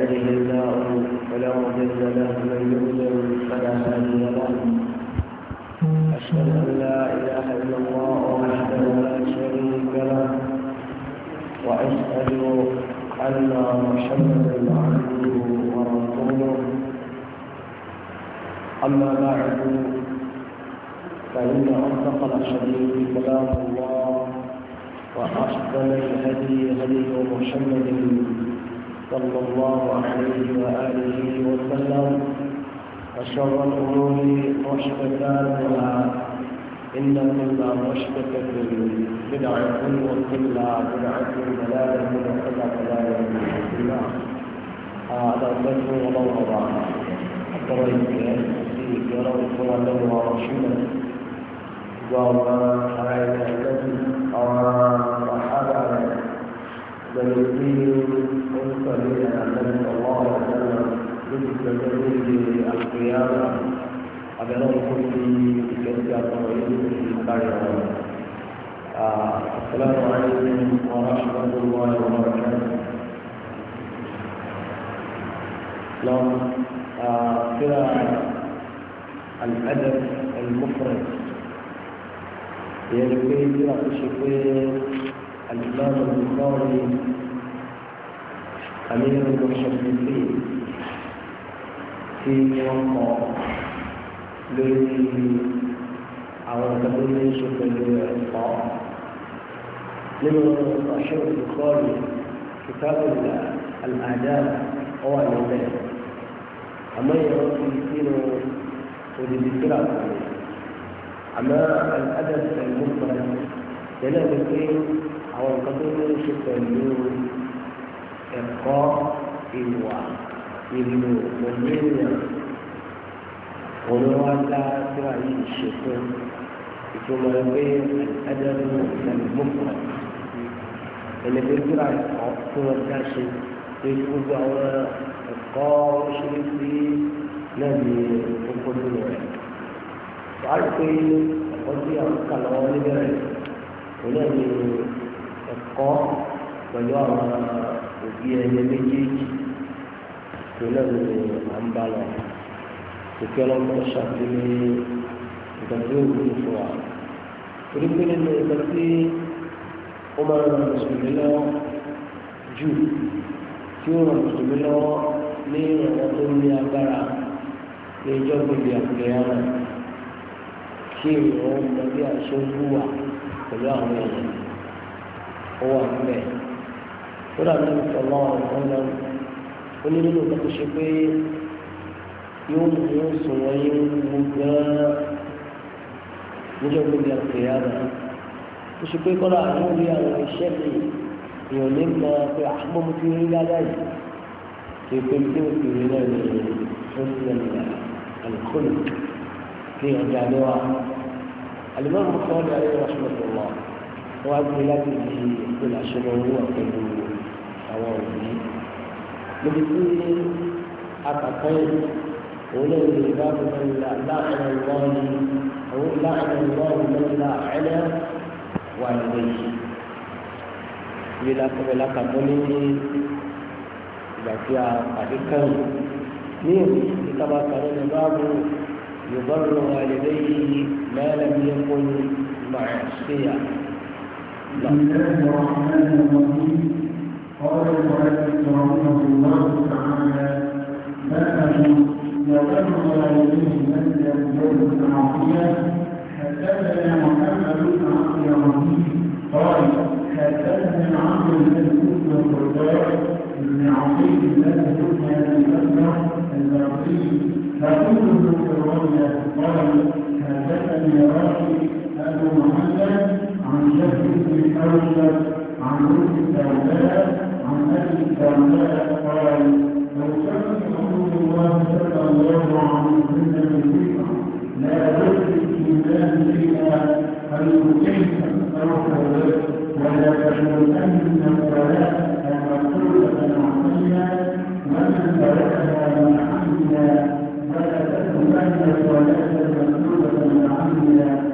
هذه الله فلا مضل له من يضلل فلا هادي له أشهد أن لا إله إلا الله وحده لا شريك له وأشهد أن محمدا عبده ورسوله أما بعد فإن أصدق الحديث كلام الله وأحسن الهدي هدي محمد صلى الله عليه وآله وسلم وشر الأمور محدثاتها إن كل مشتتة بدعة وكل بدعة ضلالة وكل ضلالة في النار آه، هذا البدء ولو وضع الطريق فيك روح ولو رشدا وما حياة أو فيقيم ويصلي على النبي صلى الله عليه وسلم بالتدبير القيامة أبلغ كل كتاب توحيد السلام عليكم ورحمة الله وبركاته لو ترى الأدب المفرد يعني كيف ترى الشيخين الإمام البخاري أمير المحدثين في موقع لذي عودتني شكل الإعطاء لما صحيح البخاري كتاب الآداب هو البيت أما يرد فينا وللذكرى أما الأدب المفرد ينادي àwọn nǹkan tó ní ṣe pẹ̀lú ẹ̀kọ́ ìwà ìlú òmìnira olówó ńlá tí wàá yìí ṣe fún ìtumọ̀ ẹgbẹ́ ẹ̀ẹ́dẹ́gbẹ̀rún ìlànà mọ́kànlá ẹlẹ́gbẹ́ tí wàá kọ́ tí wọ́n dá ṣe pé gbogbo àwọn ẹ̀kọ́ ṣíríṣi náà ní oko nínú rẹ̀ wàá rí pé ẹ̀kọ́ tí àwọn kà níbẹ̀rẹ̀ òun náà ní kọ́ pẹ̀lú àwọn òbí ẹyẹ méjèèjì tó náà ní à ń bá lọ òkè ọlọ́pàá ṣàtúnyẹ nǹkan tí ó wúlò fún wa torí pé nínú nǹkan tí ó máa ń ràn mùsùlùmí lọ́wọ́ jù tí ó ràn mùsùlùmí lọ́wọ́ ní ìrànwọ́ tó ní agbára ní ìjọ gbèbè àgbẹ̀yà náà kí ìrànwọ́ mọ àṣọ wúwà pẹ̀lú àwọn èèyàn ó wà nílẹ̀ kódà ní ìsọ̀lá ọ̀nà onírúurú nǹkan tó ṣe pé yóò mú yóò sùn wọ́n yóò mú gan-an níjọ́ gbogbo àgbẹ̀ yára tó ṣe pé kódà àwọn orí àwọn iṣẹ́ mi èèyàn ní mọ pé àmọ́ ah, mo ti rí ládàá yìí kí pé tí mo ti rí náà ní ìfúnṣẹ́ àlùkòlù kí ọjà lọ́wọ́ àlùmọ́ mi kọ́ ní alẹ́ rẹ̀ ṣùgbọ́n tó wà wọ́n wá gbé láti fi ètò ìlàṣọ́nà owó àpẹẹrẹ àwọn òbí. níbi tí àkàkọ́ òun náà lè bá mi láàánú lọ́ọ̀ni òun láàánú lọ́ọ̀ni lọ́ọ̀ni láàánú wà lóye yìí. ilé lákọ̀ọ́bẹ̀ ní ìgbà tí a pàdé kàn ní òbí ìkábà sọ̀rọ̀ ní báàbò يضر والديه ما لم يكن معصيه بسم الله الرحمن الرحيم قال المؤلف رحمه الله تعالى باب وتنظر اليه مسجد الجوز العطيه حدثنا محمد بن عبد الرحيم قال حدثنا عمرو بن الخزاع بن عقيل بن سكنى بن البصري فقلت قال حدثني راشد ابو محمد عن جد بن عن أم الدرداء عن أبي الدرداء قال لو كان رسول الله صلى الله عليه وسلم ذكرا لا يدرك الإيمان شيئا فليقيم أو كذلك ولا تشمتن أن المقصودة عقيلا ومن تركها من عملا فلا تكونن الصلاة المقصودة عملا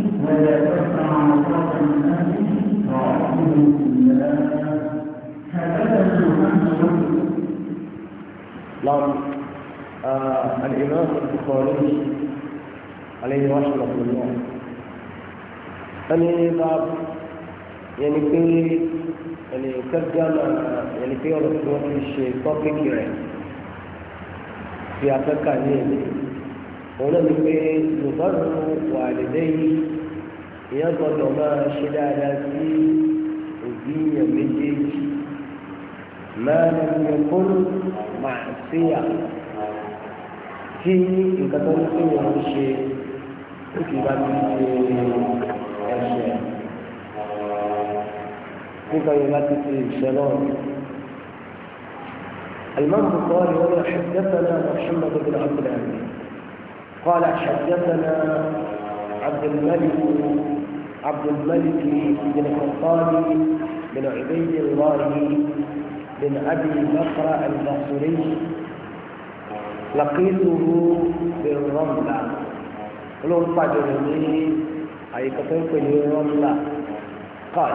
نعم آه الإمام البخاري عليه رحمة الله أني باب يعني في يعني ترجمة يعني في رسوم الشيء توبيك يعني في أفريقيا هنا هنا في يبر والديه èèyàn gbọ́dọ̀ máa ṣe dáadáa sí òbí èèyàn méjèèjì máa yẹn kóló máa ṣíyà tí nǹkan tó ń pè wọ́n ṣe ó kí bá mi ṣe ẹ̀ṣẹ̀ nígbà yẹn láti fi ìṣẹ́ náà. الإمام البخاري يقول حدثنا محمد بن عبد العزيز قال حدثنا عبد الملك عبد الملك بن الخطاب بن عبيد الله بن أبي بكر البصري لقيته بالرملة لهم فجرني أي كتبني رملة قال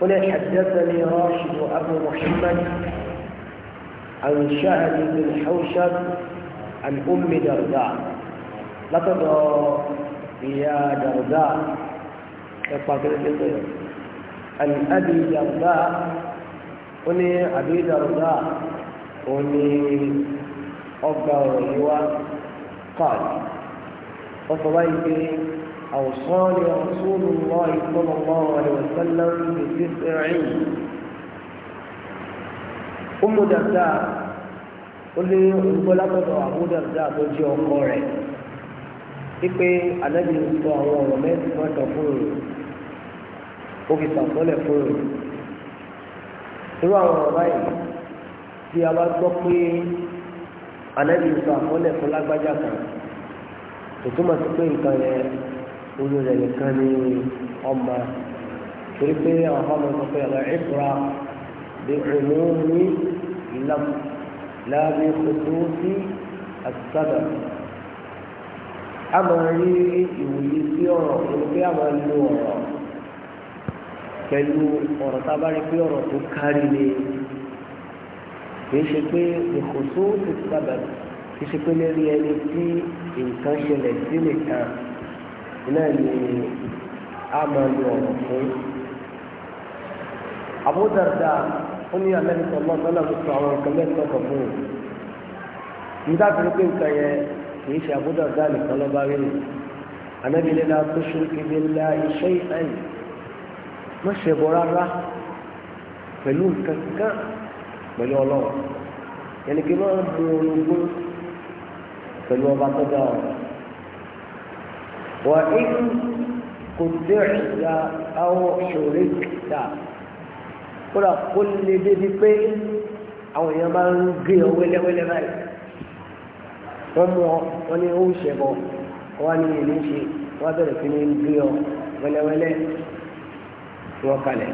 قل حدثني راشد أبو محمد عن شهد بن حوشب عن أم درداء لقد يا درداء ẹ̀pà kẹ́lẹ́kẹ́lẹ́ àní àbí ìdàrúdà ó ní àbí ìdàrúdà ó ní ọgbà ọ̀rọ̀ yìí wá káàdì ọkọ̀ báyìí pé àwòsàn رسول الله صلى الله عليه وسلم بتسع أم درداء ó lé olùgbọ́lágbọ́dọ̀ àbúdàdà tó jẹ́ ọkọ rẹ̀ wípé anábìyí sọ àwọn ọ̀rọ̀ mẹ́sàn-án kan fún un ó fi sàkọọ́lẹ̀ fún rẹ̀ irú àwọn ọ̀rọ̀ báyìí tí a bá gbọ́ pé ànábì sọ àkọọ́lẹ̀ fún lágbájá kan kò túmọ̀ sí pé nǹkan yẹn olú rẹ̀ nìkan ní ọmọ torí pé àwọn ọmọ sọ pé ọ̀rọ̀ ìfura bí ìlú ní ìlànà láàbí kòtò sí àtúntàdà a máa rí ìwòye sí ọ̀rọ̀ òní pé a máa lo ọ̀rọ̀ pẹ̀lú ọ̀rọ̀ tá a bá rí pé ọ̀rọ̀ tó kárí ni kìí ṣe pé ìkòsó ti sábà kìí ṣe pé lérí ẹni tí nǹkan ṣẹlẹ̀ sí nìkan náà ni a máa lo ọ̀rọ̀ fún. Abu Darda ó ní alẹ́ni sọ̀rọ̀ sọ́nà tó sọ àwọn nǹkan mẹ́sàn kan fún un. nígbà tó ń nǹkan yẹn kìí ṣe Abu nìkan lọ́ba rí ni. anábìlélá tó ṣe kébé ńlá iṣẹ́ ìsáyìí má ṣẹbọ rárá pẹ̀lú nǹkan kan pẹ̀lú ọlọ́run yẹnni kí n máa mú orogún pẹ̀lú ọba tó dá ọ. wà á ń kò dé ìyá àwọn ṣòro dà kódà kó lè débi pé àwọn èèyàn máa ń gé ọ wẹ́lẹ́wẹ́lẹ́ báyìí wọ́n mú ọ wọ́n ní ó ń ṣẹbọ wọ́n á ní ìlú ṣe wọ́n á bẹ̀rẹ̀ sí ní gé ọ wẹ́lẹ́wẹ́lẹ́ tí wọ́n kalẹ̀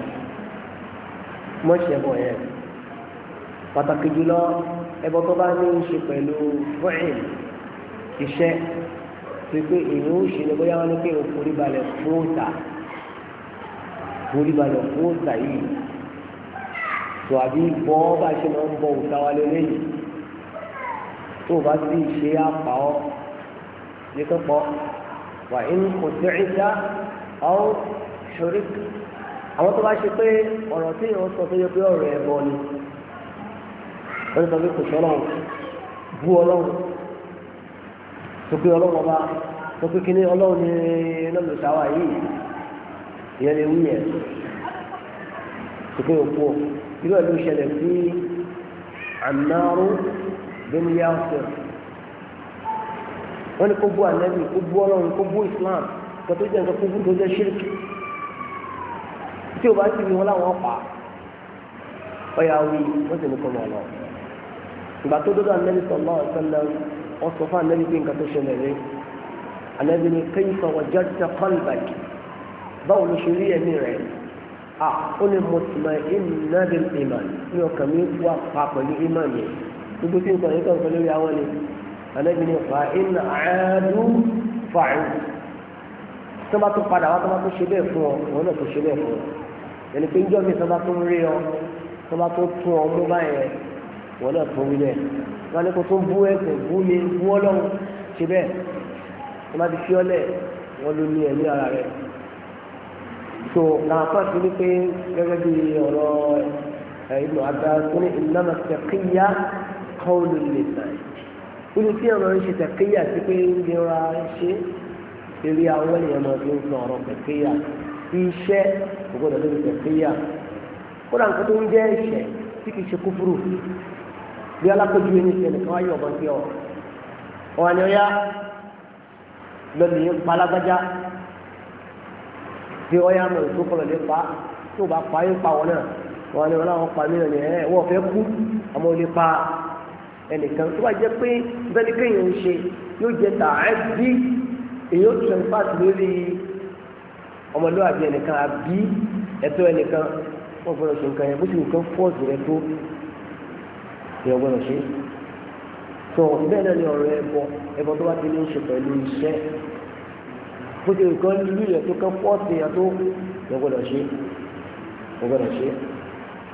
mọ́ṣẹ́ bọ̀ yẹn pàtàkì jùlọ ẹbọ tó bá ní í ṣe pẹ̀lú fúnìn iṣẹ́ pé pé èyí ó ṣe ni bóyá wọn ní pé o balẹ̀ fún òòtà forí balẹ̀ fún òòtà yìí tó àbí bọ́ bá ṣe máa ń bọ òòtà wa lélẹ́yìn tó o bá sì ṣe àpá ọ ní kẹ́kọ̀ọ́ wà ń kò tẹ́ ẹ́ dá ṣorí àwọn tó bá ṣe pé ọ̀rọ̀ tí ìyẹn sọ tó yẹ pé ọ̀rọ̀ ẹ̀bọ ni wọ́n ti sọ pé kò sọ ọlọ́run bú ọlọ́run tó pé ọlọ́run ọba tó pé kíní ọlọ́run ní lọ́dún sáwà yìí ìyẹn lè wúyẹ̀ tó pé òkú ọ irú ẹ̀ ló ṣẹlẹ̀ sí àmàrú bẹ́ẹ̀ni yá ọ̀sẹ̀ wọ́n ní kó bú ànábì kó bú ọlọ́run kó bú Islam kó tó jẹ́ nǹkan kó bú tó jẹ́ ṣírìkì tí o bá ti rí wọn láwọn pa ọyà wí wọn sì ní kọ́ lọ́wọ́ ìgbà tó dọ́dọ̀ anẹ́bí sọ̀lá ọ̀sẹ̀lẹ̀ wọn sọ fún anẹ́bí pé nǹkan tó ṣẹlẹ̀ rí anẹ́bí ni kayfa wajadta qalbak báwo ló ṣe rí ẹ̀mí rẹ̀ à ó ní mutma'inna bil iman ní ọkàn mi wà pa pẹ̀lú iman yẹn gbogbo tí nǹkan yẹn kàn fẹ́ lórí àwọn ni anẹ́bí ni fa in aadu fa'in tó bá tó padà wá tó bá tó ṣe bẹ́ẹ̀ fún ọ òun náà tó ṣe bẹ́ẹ̀ fún ọ ẹni pé njọ́ mi sọba tó ń rí ọ sọba tó tún ọ mú báyẹn wọ́n náà tó wí bẹ́ẹ̀ wọ́n ní kó tó bú ẹ̀sẹ̀ bú mi bú ọlọ́run ṣe bẹ́ẹ̀ wọ́n bá ti fi ọlẹ̀ wọ́n ló ní ẹ̀mí ara rẹ̀ so làwọn kan ti gẹ́gẹ́ bí ọ̀rọ̀ ìlú àgbà tó ní ìlànà tẹ̀kíyà kọ́ọ̀lù lè sàn olú tí ọ̀rọ̀ ń ṣe tẹ̀kíyà sí pé ń gbéra ṣe eré àwọn ènìyàn máa iṣẹ́ ògbọ́dọ̀ lórí tẹ̀síyà kódà nǹkan tó ń jẹ́ ẹ̀ṣẹ̀ tí kìí ṣe kúfúrú bí alákòjú ẹni ṣe nìkan wáyé ọ̀gbọ́n tí ọ ọ̀wà ni ọ̀yá lọ́nà yẹn pa alágbájá tí ọ̀yá mọ̀ èso kọlọ̀ lè pa tó bá pa yín pa wọn náà ọ̀wà ni wọn láwọn pa mí náà ni ẹ̀ wọ́n fẹ́ kú àmọ́ lè pa ẹnìkan tó bá jẹ́ pé bẹ́ẹ̀ kéèyàn ń ṣe yóò jẹ́ tààdí èyí ó tẹ̀ ọmọlúwàbí ẹnìkan àbí ẹ̀tọ́ ẹnìkan wọ́n gbọ́dọ̀ ṣe nǹkan yẹn bó ti nǹkan fọ́ọ̀sì rẹ tó yẹ gbọ́dọ̀ ṣe tó bẹ́ẹ̀ náà ni ọ̀rọ̀ ẹbọ ẹbọ tó bá ti ní í ṣe pẹ̀lú iṣẹ́ bó ti nǹkan lílu yẹn tó kán fọ́ọ̀sì yẹn tó yẹ gbọ́dọ̀ ṣe yẹ gbọ́dọ̀ ṣe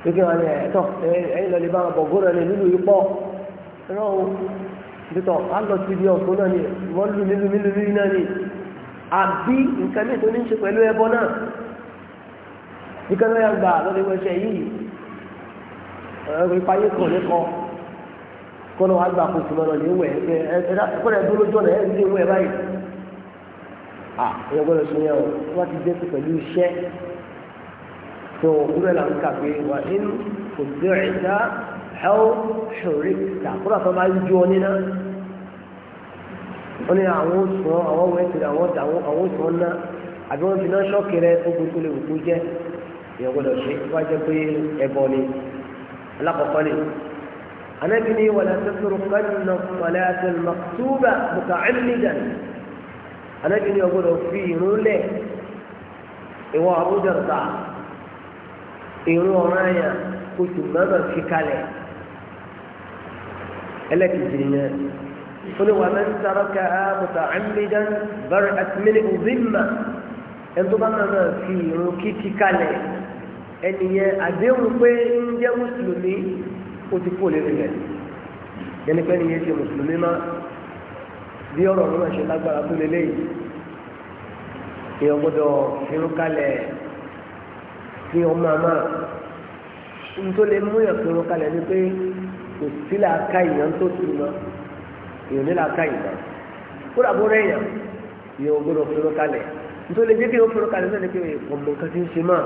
pé wọn ni ẹ̀tọ́ ẹ̀yin lọ lè bá wọn bọ̀ gbọ́dọ̀ ní lílu yìí pọ̀ ẹ̀rọ o títọ̀ á lọ sí ibi ọ̀tún náà ni wọ́n lù nílùú nílùú náà ni àbí nǹkan mìíràn tó ní ṣe pẹ̀lú ẹbọ náà nǹkan lọ́yà gbà lórí ẹwẹ́ṣẹ́ yìí ẹ̀rọ ìpayé kan nìkan kọ́nà wàá gbà kó tuma lọ lè wẹ̀ ẹ̀ẹ́dá kọ́nà ẹ̀dúró lójú ọ̀nà ẹ̀ẹ́dì lè wẹ̀ báyìí à ẹ̀yọ́ gbọ́dọ̀ ṣe yẹn o wọ́n ti dé sí pẹ̀lú iṣẹ́ tó wúrẹ́ là ń kà pé wà ní kò dé ẹ̀dá ẹ̀ọ́ wọ́n ní àwọn oṣù wọn àwọn ọmọ ẹ̀sìn àwọn ọjà àwọn oṣù wọn ná àbí wọ́n fi náà ṣọ́ọ̀kì rẹ ogun tó lè wù kó jẹ́ ìyẹn gbọ́dọ̀ ṣe wá jẹ́ pé ẹbọ ni alákọ̀ọ́kọ́ ni. anábì ni wàlá sẹ́sọ̀rọ̀ kánìnà wàlá sẹ́sọ̀rọ̀ màkútúbà bùkà ẹ̀mídàn anábì ni ọgbọ́dọ̀ fi ìrún lẹ̀ ìwọ àbújọ̀ta ìrún ọ̀ràn àyà kò sì mọ́tò fúnni wà mẹ́ ń sọ̀rọ̀ ká a mùtà àmìdán bẹ̀rẹ̀ àtìmílẹ̀ òbímà fi irun kíkí kalẹ̀ ẹnìyẹn àdéhùn pé ń jẹ́ mùsùlùmí ó ti kó lérí rẹ̀ yẹn ni pé ẹnìyẹn ti ṣe lágbára tó lélẹ́yìí èèyàn nílà ká ìgbà kúrò àbúrò èèyàn yóò gbọ́dọ̀ fúnra kalẹ̀ nítorí jẹ́ kí o fúnra kalẹ̀ náà ni pé ọmọ nǹkan ti ń ṣe máa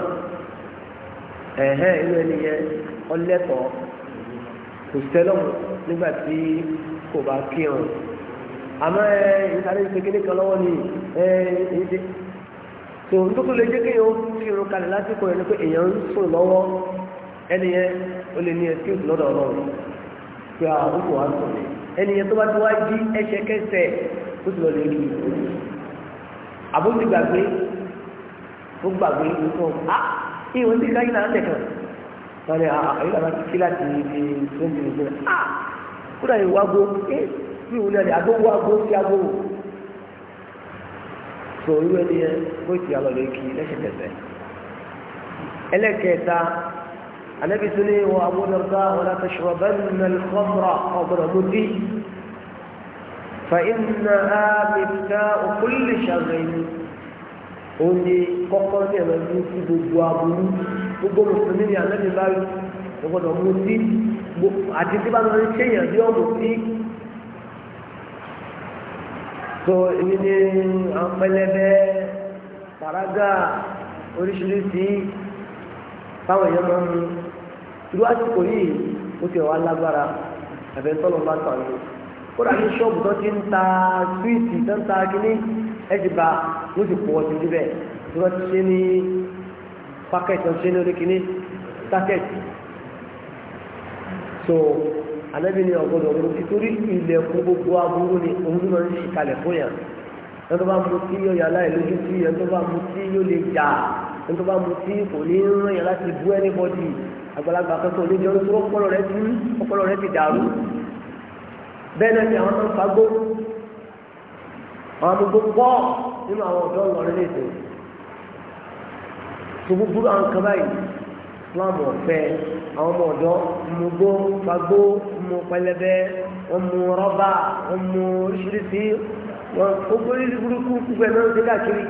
ẹ̀hẹ́n inú ẹni yẹn ọlẹ́tọ̀ọ́ kò sẹ́lọ̀mù nígbà tí kò bá kírun ẹ ìṣe kékeré ni ẹ ìṣe tó ń dúkú lè jẹ́ kí o fúnra kalẹ̀ lásìkò yẹn ni pé èèyàn ń sùn lọ́wọ́ ẹni yẹn lè ní ẹnìyẹn tó bá ti wá jí ẹsẹ̀kẹsẹ̀ ó ti lọ lè àbójú gbàgbé ó gbàgbé nǹkan á ìwọ̀n ah! tí káyí náà tẹ̀kàn wọ́n àyè làbá ti ah, ah, eh! kí láti ibi tó ń sílẹ̀ kúrò àyè wágó náà àgó wágó sí wò ti lẹ́sẹ̀kẹsẹ̀ ẹlẹ́kẹta النبي سني وابو درداء ولا تشربن الخمر خمر مدي فانها مفتاء كل شر oni kọ́kọ́ ní ẹ̀rọ ìlú sí gbogbo aburú gbogbo mùsùlùmí ni àná ní báyìí gbogbo mú sí àti tí bá lọ ní séèyàn bí ọmọ sí. tó èmi ní pẹlẹbẹ paraga oríṣiríṣi táwọn èèyàn máa ń irú àsìkò yìí ó ti wà lágbára ẹ̀fẹ̀ tọ́lọ̀ bá tàn ní kódà ní ṣọ́ọ̀bù tó ti ń ta súwìtì tó ń ta kínní ẹ̀jì bá wọ́n ti pọ̀ ọtí síbẹ̀ tí wọ́n ti ṣe ní pákẹ́tì wọ́n ti ṣe ní oníkínní tákẹ́tì so anabi ni ọgbọdọ ọgbọdọ nítorí ilẹ̀kùn gbogbo aburú ni òun náà ń ṣe kalẹ̀ fún yàn ẹni tó bá mu tí yóò yàrá ìlójú tí ẹni tó bá mu tí yóò lè jà ẹni tó bá mu tí kò ní ràn yàn láti bú ẹnibọ́dì àgbàlagbà akẹ́kọ̀ọ́ lójú ọdún tó ọpọlọ rẹ ti ọpọlọ rẹ ti dàrú bẹ́ẹ̀ náà ni àwọn tó ń fagbó àwọn gbogbo pọ̀ nínú àwọn ọ̀dọ́ ọlọ́rin lẹ́sẹ̀ tó gbogbo àwọn kan báyìí Islam ọ̀fẹ́ àwọn ọmọ ọ̀dọ́ mugbó fagbó mu pẹlẹbẹ mu rọ́bà mu oríṣiríṣi wọn gbogbo oríṣiríṣi burúkú gbogbo ẹ̀ náà ń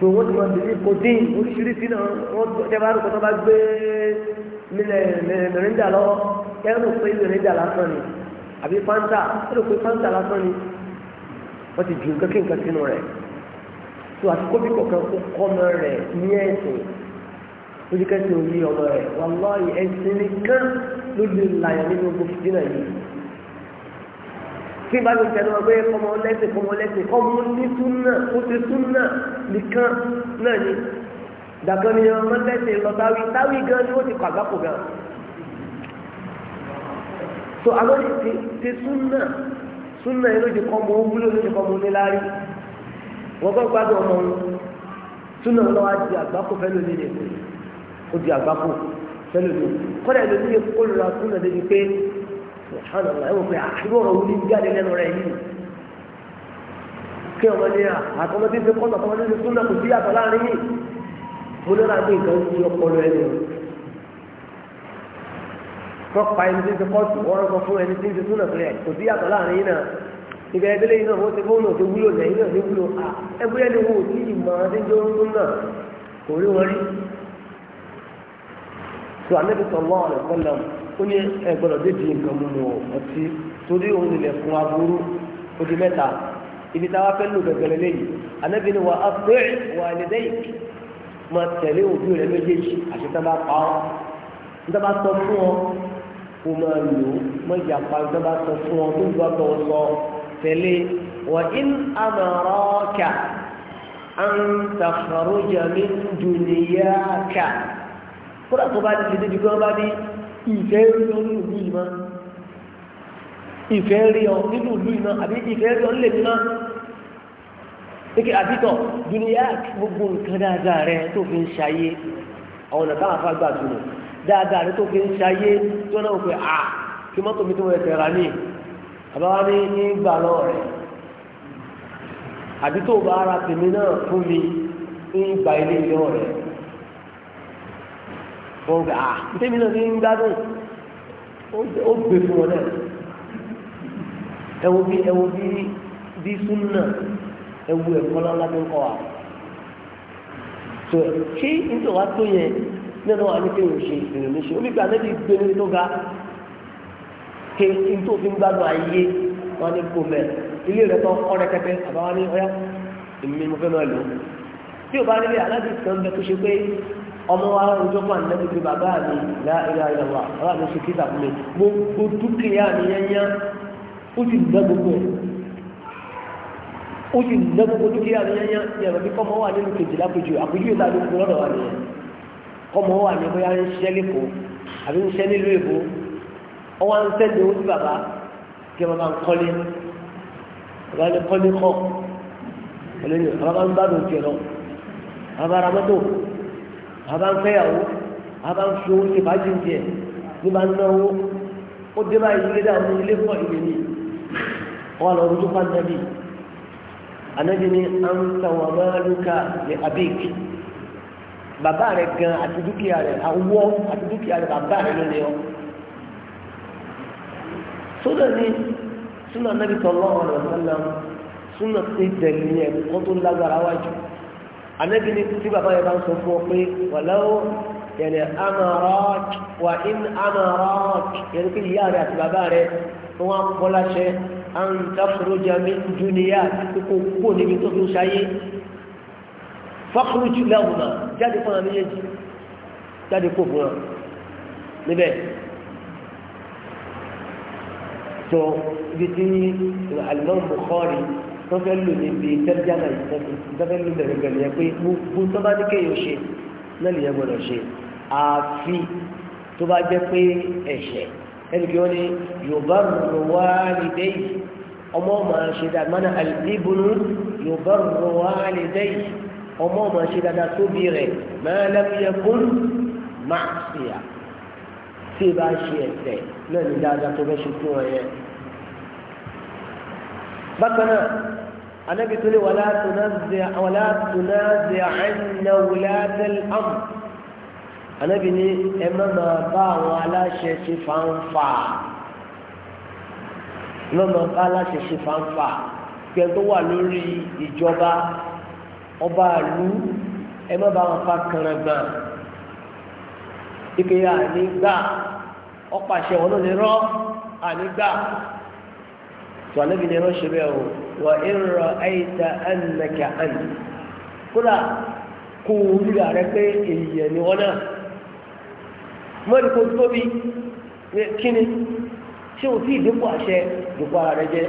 so wọ́n ti máa bèbí codeine oríṣiríṣi náà wọ́n tẹ́bá rúkọ tó bá gbé mẹrẹndà lọ́wọ́ ẹ̀rù pé mẹrẹndà lásán ni àbí fanta ẹ̀rù pé fanta lásán ni wọ́n ti ju nǹkan kí nǹkan sínú rẹ̀ so àsìkò bí kọ̀ọ̀kan kó kọ́ ọmọ rẹ̀ ní ẹ̀sìn lójú kẹ́sìn òye ọmọ rẹ̀ wàláhì ẹ̀sìn nìkan ló lè làyàn nínú gbogbo fìdí náà yìí tí bá mi tẹnu ọgbẹ́ kọ́mọ lẹ́sìn kọ́mọ lẹ́sìn kọ́mọ ní súnà ó ti súnà nìkan náà ni dàgbọ́n ni ọmọ lẹ́sìn lọ táwí táwí gan ni ó ti kọ́ àgbákò gan. tó àwọn ti ti súnà súnà yìí ló ti kọ́mọ wúlò ló ti kọ́mọ níláárí wọ́n bá gbádùn ọmọ wọn súnà wọn wá di àgbákò fẹ́lẹ́ òní nìyẹn ó di àgbákò fẹ́lẹ́ òní kọ́dà ìlú ní kólúra súnà débi pé subhanallah ẹ wò pé àìrò ah, ọ̀rọ̀ wuli jáde lẹ́nu rẹ̀ yìí kí ọmọ ní ah, àtọmọdé fi kọ́ńtà tọmọdé fi súnà kò sí àtọ̀ láàrin yìí mo ní láti nǹkan ń fi ọpọlọ ẹni wọ́n pa ẹni tí ń fi kọ́ọ̀tù wọ́n sọ fún ẹni tí ń fi súnà pé eh, kò sí àtọ̀ láàrin yìí náà ìgbà ìdílé yìí náà wọ́n ti fóònù tó wúlò lẹ́yìn náà ní wúlò ah, ẹgbẹ́ ẹni wo tí ìmọ̀ adéjọ́ ń súnà kò rí wọn rí. sọ àmì ó ní ẹ gbọ́dọ̀ débi nǹkan mímu ọtí torí òun nílẹ̀ fún aburú ó di mẹ́ta ibi táwa fẹ́ lò gẹ́gẹ́rẹ́ lẹ́yìn anábì ni wà á pé wà lẹ́dẹ́yìn máa tẹ̀lé òbí rẹ méjèèjì àti tá a bá pa ọ́ ní tá a bá sọ fún ọ kó máa lò ó yà pa ní tá bá sọ fún ọ tó ń gbọ́ tó ń sọ tẹ̀lé wà in amaraka an takhruja min duniyaka kódà tó bá ti di bí wọ́n bá ìfẹ́ rí ọ nínú ìlú yìí máa ìfẹ́ rí ọ nínú ìlú yìí máa àbí ìfẹ́ rí ọ nílé mi máa eke àtìtọ̀ dúníyà gbogbo nǹkan dáadáa rẹ tó fi ń ṣayé àwọn ọ̀nà táwọn afá gbà dùn dáadáa rẹ tó fi ń ṣayé tí wọ́n náà wò pé à kí mọ́tò mi tó wọ ẹsẹ̀ rà ní àbáwá ní ní gbà lọ́wọ́ rẹ̀ àbí tó bá ara tèmi náà fún mi ní gbà ilé ìlọ́wọ́ rẹ̀ wọ́n gbé ah ntẹ́mi náà fi ń gbádùn ó gbé fún wọn náà ẹ wo bí ẹ wo bí bí súnà ẹ wo ẹ̀kọ́ lọ́la tó ń kọ́ wa tó ṣé nítorí wàá tó yẹn nínú wa ní kéwòn ṣe ìrìn ní ṣe onígbà náà ti gbé ní tó ga ké nítorí fi ń gbádùn ayé wọn ní kó mẹ ilé rẹ tó kọ́ rẹ́kẹ́tẹ́ àbáwá ní ọ̀yá èmi mo fẹ́ máa lò ó tí o bá nílé aláàbí kan bẹ tó ṣe pé ọmọ wa ọjọ́ fún àná níbi bàbá mi láìra ìyàwó àwọn àmì ṣe kíkà fún mi gbogbo dúkìá mi yányá ó ti dá gbogbo ẹ̀ ó ti dá gbogbo dúkìá mi yányá ní ẹ̀rọ bí kọ́mọ wà nínú kejìlá kojú àpèjúwe tá a lè kúrọ́ lọ́wọ́ nìyẹn kọ́mọ wà ní bóyá ń ṣiṣẹ́ lẹ́kọ̀ọ́ àbí ń ṣiṣẹ́ nílùú èbó ọwọ́ à ń tẹ́lẹ̀ owó sí bàbá kí ẹ máa àbá ń fẹ́yàwó àbá ń fi owó ṣe bájú ń jẹ ló bá ń náwó ó dé báyìí ilé dáa mú ilé pọ̀ ilé ni wọn lọ rújú pa nàbí anabi ni à ń tàwọn amáyálùkà ní abik bàbá rẹ gan àti dúkìá rẹ awọ àti dúkìá rẹ bàbá rẹ ló lé ọ sódà ni súnà nàbì sallallahu alaihi wasallam súnà tó dẹ̀lì yẹn kó tó lágbára wájú anabi ni tí bàbá yẹn bá ń sọ fún ọ pé wàláwó yẹnì amarok wà in amarok yẹnì pé ìyá rẹ àti bàbá rẹ wọn kọ́ láṣẹ àwọn tafúrójà mi dúnìyà kókó kó níbi tó fi ń ṣayé fákúrújù lẹ́wọ̀n jáde fún àmì yẹn jáde kó fún wa níbẹ̀ tó ibi tí alimami Bukhari wọ́n fẹ́ lò níbi tẹ́lifíàmà ìtọ́jú wọ́n fẹ́ lò bẹ̀rẹ̀ bẹ̀rẹ̀ yẹn pé gbogbo tó bá ní kéèyàn ṣe náà lè yẹ gbọ́dọ̀ ṣe àfi tó bá jẹ́ pé ẹ̀ṣẹ̀ ẹni kí wọ́n ní yorùbá rò wá nídé yìí ọmọ máa ṣe dáadáa mọ́nà àlìbùnú yorùbá rò wá nídé yìí ọmọ máa ṣe dáadáa tóbi rẹ̀ máa kún máa ṣìyà tí ì bá ṣe ẹ̀ṣẹ̀ náà ní dáadáa tó fẹ́ ṣe fún ọ yẹn bákan náà anábì tó lè wàlá tunáàzì àìnà wùlátẹ́lì àmù anábì ní ẹ má máa bá àwọn aláṣẹ ṣe fàǹfà ẹ má máa bá aláṣẹ ṣe fàǹfà pé tó wà lórí ìjọba ọba àlú ẹ má bá wọn fa kànáàgbà ìpè ànígbà ọ̀pàṣẹ wọn ló lè ànígbà tó alẹ́ mi ni wọ́n ṣe bẹ́ẹ̀ o wà ìrọ̀ àyíta ẹnìkà ẹnì kódà kó o rírà rẹ pé èèyàn ni wọ́n náà mọ́ni kò tóbi kíni ṣé o ti ìdínkù àṣẹ ìdínkù ara rẹ jẹ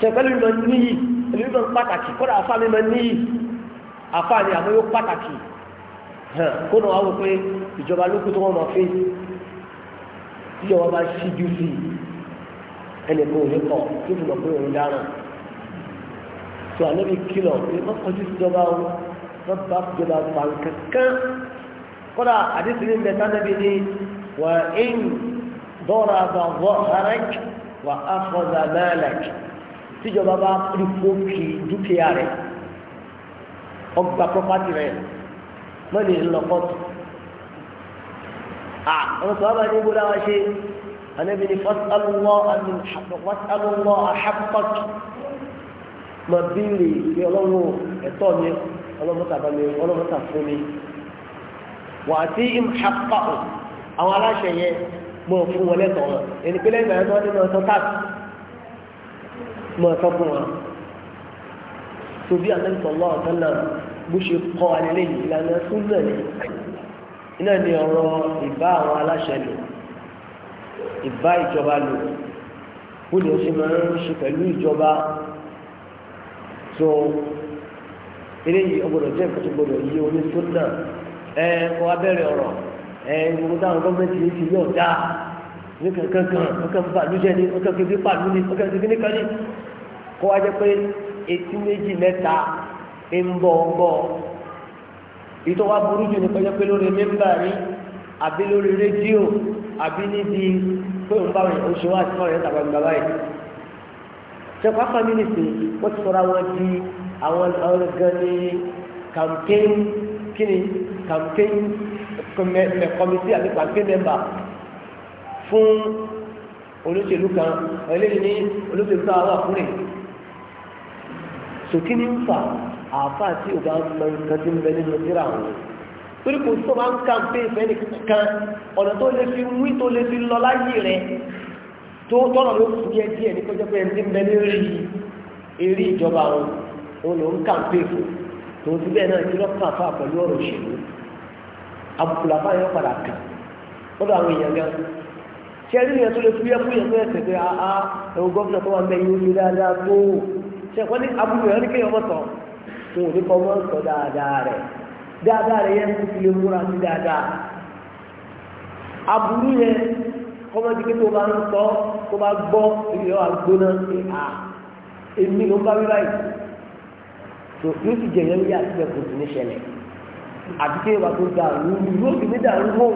ṣẹpẹ́lú lọ níyì èmi lọ pàtàkì kódà afá mi lọ níyì afá ni àmọ́ yóò pàtàkì hàn kó náà wá wọ pé ìjọba lókùtù wọn máa fi ìjọba bá ṣíjú sí i ẹnì kan ò ní kọ tó fi mọ̀ pé òun dáràn tó ànábi kìlọ̀ pé wọ́n kọjú síjọba o wọ́n bá síjọba pa kankan kódà àdéhùn bẹ sanabi ni wà ń bọ́ra bá wọ́ harek wà á fọ́dà mẹ́lẹ̀k tíjọba bá fúrufú kì dúkìá rẹ̀ ọgbà pọ́pátì rẹ̀ mọ́ni ńlọ kọ́tù. àwọn sọ̀rọ̀ bá ní gbọ́dọ̀ wá ṣe anabi ni fasalúlọ́ àhápàkì ma bíire pé ọlọ́run ẹ̀tọ́ mi ọlọ́mọta bá mi ọlọ́mọta fún mi wà á ti im hapa o àwọn aláṣẹ yẹn mọ̀ fún wọn lẹ́tọ̀ọ́ wọn ẹni pé lẹ́yìn ìgbà yẹn tó táàkì mọ̀ ẹ̀tọ́ fún wọn tobi anabi sọlọ ọtọlọ bó ṣe kọ́ alẹ́ lẹ́yìn ìlànà súnmọ́ ni iná ni ọ̀rọ̀ ìbá àwọn aláṣẹ lò ìbá ìjọba lò bó ni o ṣe máa ń ṣe pẹ̀lú ìjọba tó eléyìí ọgbọ́dọ̀ jẹ́ ìkọ́tù gbọ́dọ̀ yí oní sódà ẹ kọ́ abẹ́rẹ́ ọ̀rọ̀ ẹ gbogbo táwọn gọ́ọ̀mẹ́ntì yìí ti yọ̀ dá ní kankan kankan balùjẹ ni kankan kébí pàlú ni kankan kébí nìkan ni kọ́ wá jẹ́ pé etí méjì mẹ́ta ń bọ̀ ń bọ̀ ìtọ́wá burú jù ní kọjá pé lórí mẹ́mbà rí àbí lórí rédíò àbí níbi pé òun báwọn èèyàn oṣù wá sí máa yẹn tàbí àgbà báyìí ṣẹpá fámílìsì wọ́n ti sọra wọn di àwọn ọ̀gán ní campaign kíni campaign committee àti campaign member fún olóṣèlú kan eléyìí ní olóṣèlú kan wà fún rẹ̀ sòkí ní ń fà àáfàá tí ò bá mọ nǹkan tí ń bẹ nínú síra àwọn torí kò tó máa ń kàmpé ìfẹ́ nìkan ọ̀nà tó lè fi wí tó lè fi lọ láyé rẹ̀ tó tọ́nà ló fi yẹ díẹ̀ ní kọjá pé ẹni bẹ lérí eré ìjọba àwọn olò ń kàmpé fún tó ti bẹ́ẹ̀ náà ìjọba kan fà pẹ̀lú ọ̀rọ̀ òṣèlú àbùkù làbá yẹn padà kàn lọ́dọ̀ àwọn èèyàn gan ṣe rí yẹn tó lè fi yẹ fún yẹn fún ẹsẹ̀ pé àá ah, ah, ẹ̀wọ̀n gómìnà tó wà ń bẹ yín omi dáadáa tó ṣe wọ́n ní abúlé yẹn ní kéèyàn mọ̀ sọ òun dáadáa rẹ̀ yẹn kò fi lè múra sí dáadáa aburú yẹn kọ́mọ́déké tó bá ń sọ tó bá gbọ́ èyí ọ̀ àgbóná ṣe à èmi ló bá wí báyìí tó yóò sì jẹ yẹn yá síbẹ̀ kò sí ní ṣẹlẹ̀ àti kí yorùbá tó dàrú yóò sì ní dàrú mọ́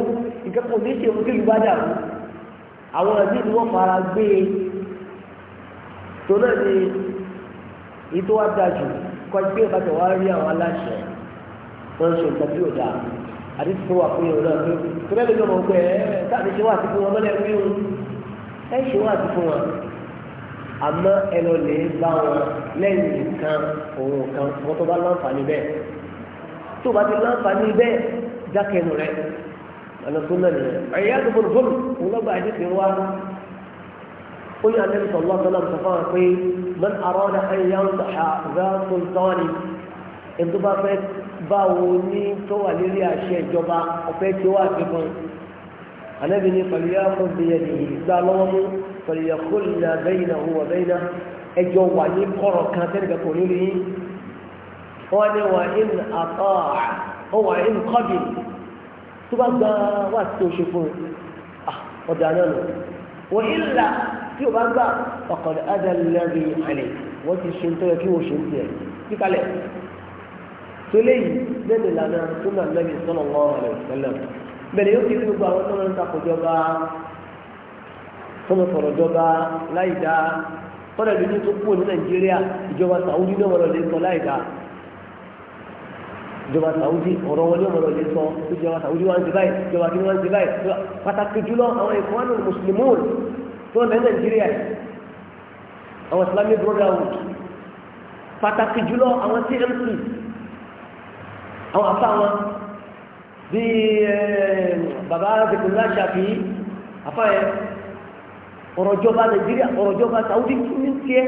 ìkẹ́kọ̀ọ́ ní ṣe òkè yorùbá dàrú àwọn ẹbí ni wọ́n fara gbé e tó náà ni ètò wa dájú ìbátan wa rí àwọn aláṣẹ wọ́n ń ṣe nǹkan tí ò dáa àti tí wà fún yòó náà pé tẹ́lẹ̀ lójú ọmọ ọgbẹ́ ẹ káàdì ṣe wà sí fún wọn mọ́lẹ̀ wí o ẹ ṣe wà sí fún wọn àmọ́ ẹ lọ lè bá wọn lẹ́yìn kan òun kan wọ́n tó bá láǹfààní bẹ́ẹ̀ tó bá ti láǹfààní bẹ́ẹ̀ jákẹ́nu rẹ̀ alẹ́kùnrin náà nìyẹn ẹ̀yà tó bọ̀ bọ̀ òun lọ́gbà àdìsí wa ó ní alẹ́ sọ lọ́sọ náà sọ fún wa pé mọ́n àrọ́ báwo ní tó wà lórí àṣẹ ìjọba ọ̀fẹ́ tí ó wà sí fún un ànábì ní pẹ̀lú yá kó bí ẹni ìgbà lọ́wọ́ mú pẹ̀lú yá kó lè bẹ́yìn náà wọ bẹ́yìn náà ẹjọ́ wà ní kọ̀rọ̀ kan tẹ́lẹ̀ kẹ́kọ̀ọ́ lórí yín wọ́n ní wà ń àtọ́ wọ́n wà ń kọ́bì tó bá gba wà tí ṣe fún un ah, náà nù wọ́n ń là tí o bá gbà ọ̀kọ̀dọ̀ adàlẹ́rì àlè wọ́n ti ṣe ń tọ́yọ kí wọ́n ṣe ń tiẹ̀ tolẹ́yìn lẹ́nu ìlànà tó nà lẹ́bi sọ́nà wọn rẹ̀ sẹ́lẹ̀ bẹ̀rẹ̀ yóò fi gbogbo àwọn tó ń takòjọba tó ń sọ̀rọ̀jọba láì dá kọ́dà lójú tó kúrò ní nàìjíríà ìjọba sàwùdí náà wọ́n lè sọ láì dá ìjọba sàwùdí ọ̀rọ̀ wọn ní wọ́n lè sọ ìjọba sàwùdí wọn ti báyìí ìjọba kí wọ́n ti báyìí pàtàkì jùlọ àwọn ìkọ́nù mùsùlùmí tó lẹ́ nàìjíríà àwọn islamic brotherhood pàtàkì jùlọ àwọn tmc àwọn afá wọn bí bàbá arábìnrin láṣàfi afá yẹn ọ̀rọ̀jọba nàìjíríà ọ̀rọ̀jọba sàwùdí tún ní tiẹ̀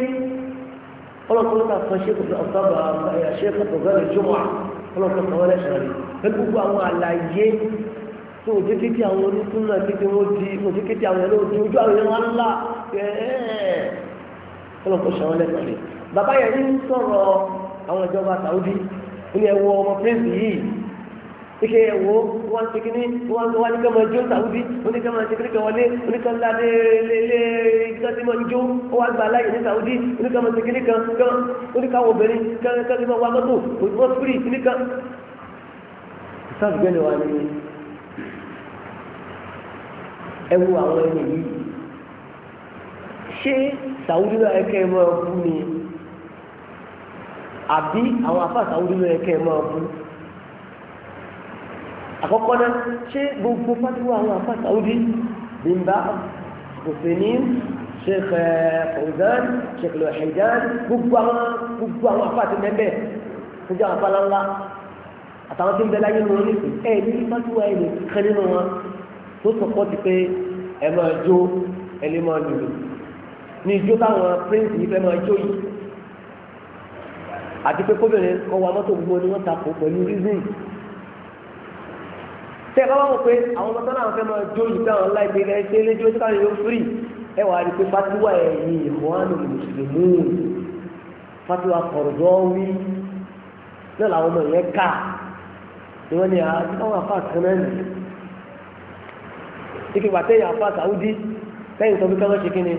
ọlọ́kùnrin náà kan ṣe kòtò ọ̀sábà ṣe kòtò gánà jọmọ́ ọlọ́kùnrin kan wọlé ṣàlẹ̀ pẹ̀lú gbogbo àwọn àlàyé tó ojú kété àwọn onísùn náà títí wọn di ojú kété àwọn ẹlẹ́wọ̀n tí ojú àwọn ẹlẹ́wọ̀n ńlá ọlọ́kùnrin ṣàwọn lẹ́sàlẹ̀ bàbá yẹn ń sọ̀rọ̀ àwọn ìjọba sàwùdí ní ẹwọ ọmọ prince yìí ike ẹwọ wọn ti kíní wọn wọn ní kẹmọ ẹjọ sàwùdí wọn ní kẹmọ ẹjọ kíní kẹwọlé wọn ní kẹmọ ládé lélẹ ìgbésí mọ ìjó wọn wá gba aláyè ní sàwùdí wọn ní kẹmọ ẹjọ kíní kan kan wọn ní káwọn obìnrin kan kan ní wọn wá mọtò wọn firi kíní kan. wa ni ẹwọ àwọn ẹni yìí ṣé sàwùdí náà ẹkẹ ẹ máa kú ni àbí àwọn afáàtà orílẹ̀ ẹ̀kẹ́ máa bú àkọ́kọ́ náà ṣé gbogbo fásiwọ́ àwọn afáàtà orí bimba òfìní sheikh ọ̀zán eh, sheikh lọ́hẹ̀dán gbogbo àwọn gbogbo àwọn afáàtà mẹ́bẹ̀ tó jẹ́ àpá ńláńlá àtàwọn tí ń bẹ láyé ní wọn nípìn ẹ̀ ní fásiwọ́ ẹ̀ nìkan nínú wọn tó sọ̀kọ́ ti pé ẹ máa jó ẹ lè máa lùlù ní ijó táwọn prince yìí fẹ́ máa jó yìí àti pé kóbìnrin kọ́ wa mọ́tò gbogbo ni wọ́n takò pẹ̀lú reason tẹ́ ẹ bá wọ́n pé àwọn ọmọ tó náà fẹ́ máa jó yìí táwọn ńlá ìgbé rẹ̀ ṣe lé jó tí káwọn yóò firi ẹ wàá rí pé fatiwa ẹ̀yìn ìmọ̀ánù mùsùlùmù fatiwa kọ̀rọ̀dọ́ wí náà làwọn ọmọ yẹn kà ni wọ́n ní àti ah, káwọn afa kan náà nì ike pàtẹ́yìn afa sàwùdí sẹ́yìn sọ pé káwọn ṣe kí ni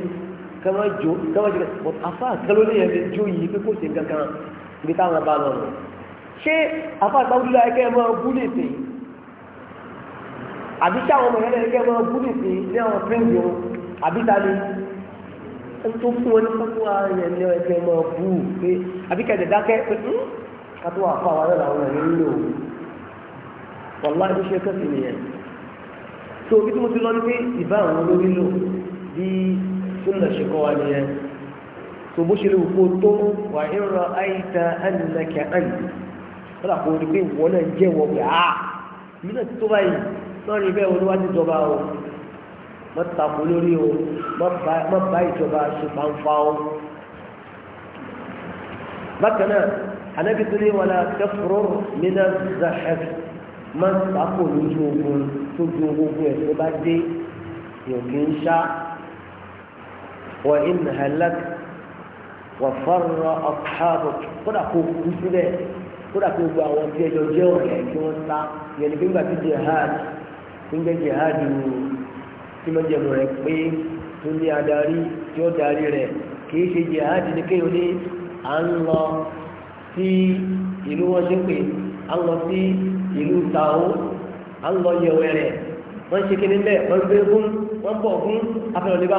káwọn jó káwọn ṣe kí ni afa kan ló ní yẹn jó yìí pé kò sí nǹkan ibi táwọn bá lọ rẹ̀ ṣé afáàgbà wúlò ẹgbẹ́ ẹmọ búlì sí àbí ṣé àwọn ọmọ ìyá ẹgbẹ́ ẹmọ búlì sí ní àwọn fíìmù àbí tani tó fún wọn ní fún wa yẹn ní ẹgbẹ́ ẹmọ bú pé àbí kẹ̀dẹ̀ dákẹ́ pé ń hmm, kátó wà fún àwọn ẹ̀rọ àwọn ẹ̀rọ ńlò wàlá ibi ṣe kẹ́sì nìyẹn tó bí tí mo ti lọ ní pé ìbá àwọn olórí lò bí súnà ṣe kọ́ wa nìyẹn tòbó ṣe lè wò kó tó wà ìrọ̀ àìta ànàkẹ́ àná wọ́n dà kó o ní pé ìwọ náà jẹ́ wọ pé a ah, mi náà ti tó báyìí lọ́ọ̀rì bẹ́ẹ̀ olúwa ti jọba o má lórí o má ìjọba ṣe máa ń fa o. bákan náà anábì tó ní wọn la kẹfùrọ mina zahabi má lójú ogun tó ju ogun ẹ̀ tó bá dé yòókì ń ṣá wà ìnà halak wàfọ́rọ̀ ọ̀páàbò kódà kó kú síbẹ̀ kódà kó gba àwọn tí ẹjọ́ jẹ́ ọ̀rẹ́ tí wọ́n sá yẹn ní gbígbà tí jihad ń jẹ́ jihad wò tí wọ́n jẹ́ rẹ̀ pé tó ní adarí tí ó darí rẹ̀ kìí ṣe jihad ní kéwọn ní à ń lọ sí ìlú wọn ṣe pé à ń lọ sí ìlú tàó à ń lọ yẹwẹ rẹ̀ wọ́n ṣe kí ni bẹ́ẹ̀ wọ́n gbé fún wọ́n bọ̀ fún afẹ́rọ̀lẹ́bá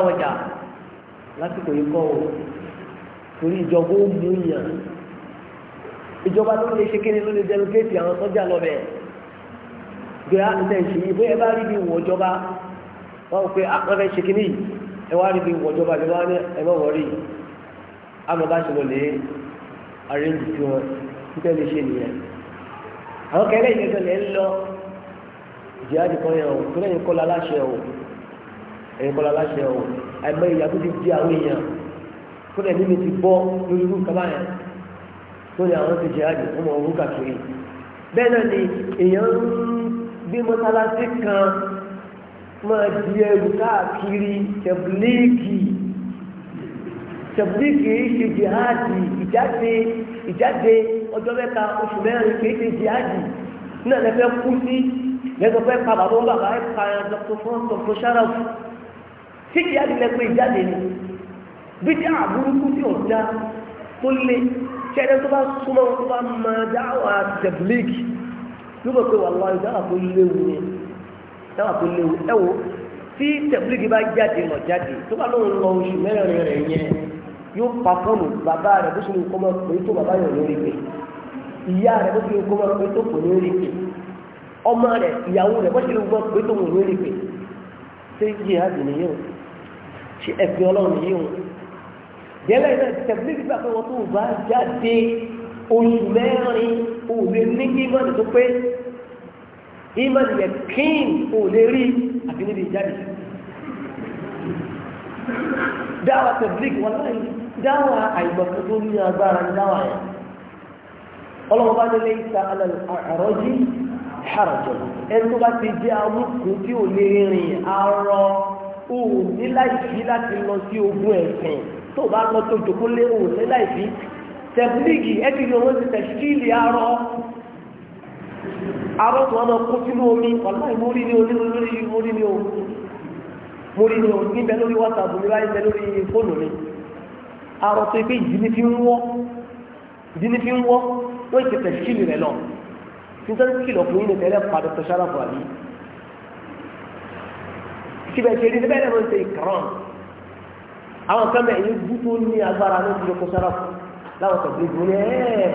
torí ìjọba ó mú yàn ìjọba tó lè ṣe kéde ló lè dẹlugéètì àwọn sọ́jà lọ́bẹ̀ gbéra ẹ̀ ṣe ìwé ẹ bá rí bí wọ̀ ìjọba wọn ò pé àwọn ah, fẹ́ ṣe kíní yìí ẹ wá rí bí wọ̀ ìjọba ìjọba ní ẹ bá wọ̀ rí àmọ́ bá ṣe lọ lè arrange tí wọn títẹ́ lè ṣe nìyẹn àwọn kẹlẹ́ ìjọba lè ń lọ jihadi kan yẹn o tó lẹ́yìn kọ́lá aláṣẹ o ẹ̀yìn kọ́lá aláṣẹ o àìmọ ìyá di àwọn èèyàn kódà ní mi ti bọ́ lórí irú nǹkan báyẹn tó ní àwọn ti jẹ́ àjò fún ọmọ káàkiri bẹ́ẹ̀ náà ni èèyàn ń gbé mọ́sálásí kan máa di ẹrù káàkiri tẹ̀bílíìkì tẹ̀bílíìkì ṣe jihadi ìjáde ìjáde ọjọ́ mẹ́ta oṣù mẹ́rin kì í ṣe jihadi náà lẹ́fẹ́ kú sí lẹ́sọ̀ fẹ́ pa bàbá bàbá ẹ̀ pa ẹ̀ dọ́kítọ̀ fún ọ̀sán tó ṣára fún sí jihadi lẹ́pẹ́ ìjáde ni bídí àbúrúkú tí ò dá tó lé kẹ́rẹ́ tó bá súnmọ́ tó bá máa dáwà tẹ̀blíkì lúgbà pé wàláhì dáwà tó léwu ni dáwà tó léwu ẹ wo tí tẹ̀blíkì bá jáde lọ jáde tó bá lóun lọ oṣù mẹ́rin rẹ̀ yẹn yóò pa fóònù bàbá rẹ̀ bó ṣe lè kọ́ mọ́ pé tó bàbá yọ̀ lórí pé ìyá rẹ̀ bó ṣe lè kọ́ mọ́ pé tó kò lórí pé ọmọ rẹ̀ ìyàwó rẹ̀ bó ṣe lè pé tó kò lórí pé ṣé jihad nìyẹn yẹlẹ náà tẹ̀blík gbà pé wọ́n tó bá jáde oṣù mẹ́rin ò lè ní ìmọ̀lì tó pé ìmọ̀lì yẹ kín ò lè rí àbí níbi ìjáde dáwà tẹ̀blík wọn náà dáwà àìgbọ̀kú tó ní agbára ní dáwà yẹn ọlọ́wọ́ bá nílé ìta àrọ́jí àrọ̀jọ̀ ẹni tó bá ti jẹ́ amúkùn tí ò lè rìn arọ òun ní láìsí láti lọ sí ogún ẹ̀sìn tó bá lọ tó jòkó lé òun lé láìsí tẹ̀bílíìgì ẹ́kìlì owó ti tẹ̀síkìlì arọ arọ tó wọn kó sínú omi wàláì mórí ní orí lórí mórí ní o mórí ní o níbẹ̀ lórí wásaàbù mi láì bẹ lórí fóònù mi arọ tó ipé ìdíní fi ń wọ́ ìdíní fi ń wọ́ wọ́n ti tẹ̀síkìlì rẹ̀ lọ nítorí kìlọ̀ fún yín ní tẹ́lẹ̀ padà tó ṣára fún àbí síbẹ̀ ṣe rí bẹ́ẹ̀ lọ́n ṣe ìkàrọ̀n àwọn kan bẹ́ẹ̀ yín bú tó ní agbára ló ti lè kó sára fún láwọn kan bí gbóni ẹ̀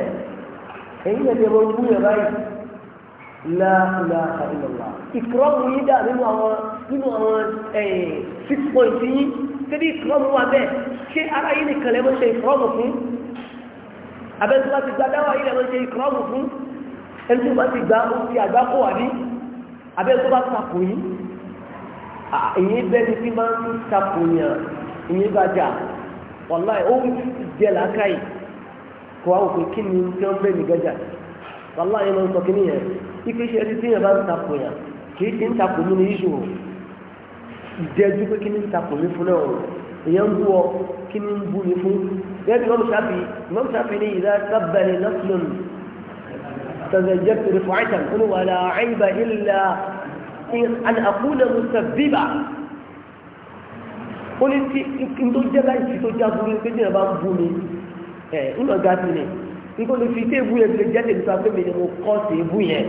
ẹ̀yin lè dẹ̀rọ bú yẹn báyìí la ilaha illallah ìkúrọ́mù yín dà nínú àwọn nínú àwọn six point yín tẹ́lẹ̀ ìkúrọ́mù wa bẹ́ẹ̀ ṣé ara yín nìkan lè mọ́ ṣe ìkúrọ́mù fún abẹ́tí wá ti gba dáwà yín lè ṣe ìkúrọ́mù fún ẹni tó bá ti gba ti àgbá wà ní abẹ́tí wá takò yín èyí bẹ́ẹ̀ ni tí máa ń takò ìníbàjá wàláì ó jẹ́ làákàyè kó àwọn òkè kí ni tí wọ́n bẹ́ẹ̀ nígbàjá wàláì yẹn ló ń sọ kí nìyẹn ike iṣẹ́ ti tíyẹn bá ń takò yàn kì í ti ń takò nínú iṣu ìdẹ́jú pé kí ni ń takò mí fún náà èèyàn ń bú ọ kí ni ń bú mi fún bẹ́ẹ̀ bí wọ́n ṣàfi wọ́n ṣàfi ní ìdá sábẹ́ni nọ́ọ̀sùn تزجرت رفعة قل ولا عيب إلا أن ó ní tí n tó jẹ́ láìsí tó jẹ́ aburú ní pé tí ìyàbá ń bú mi ẹ̀ ńlọ ga sí ni n kò lè fi téèbù yẹn fi jẹ́ tèmi sọ pé mi ni mo kọ́ sí ebú yẹn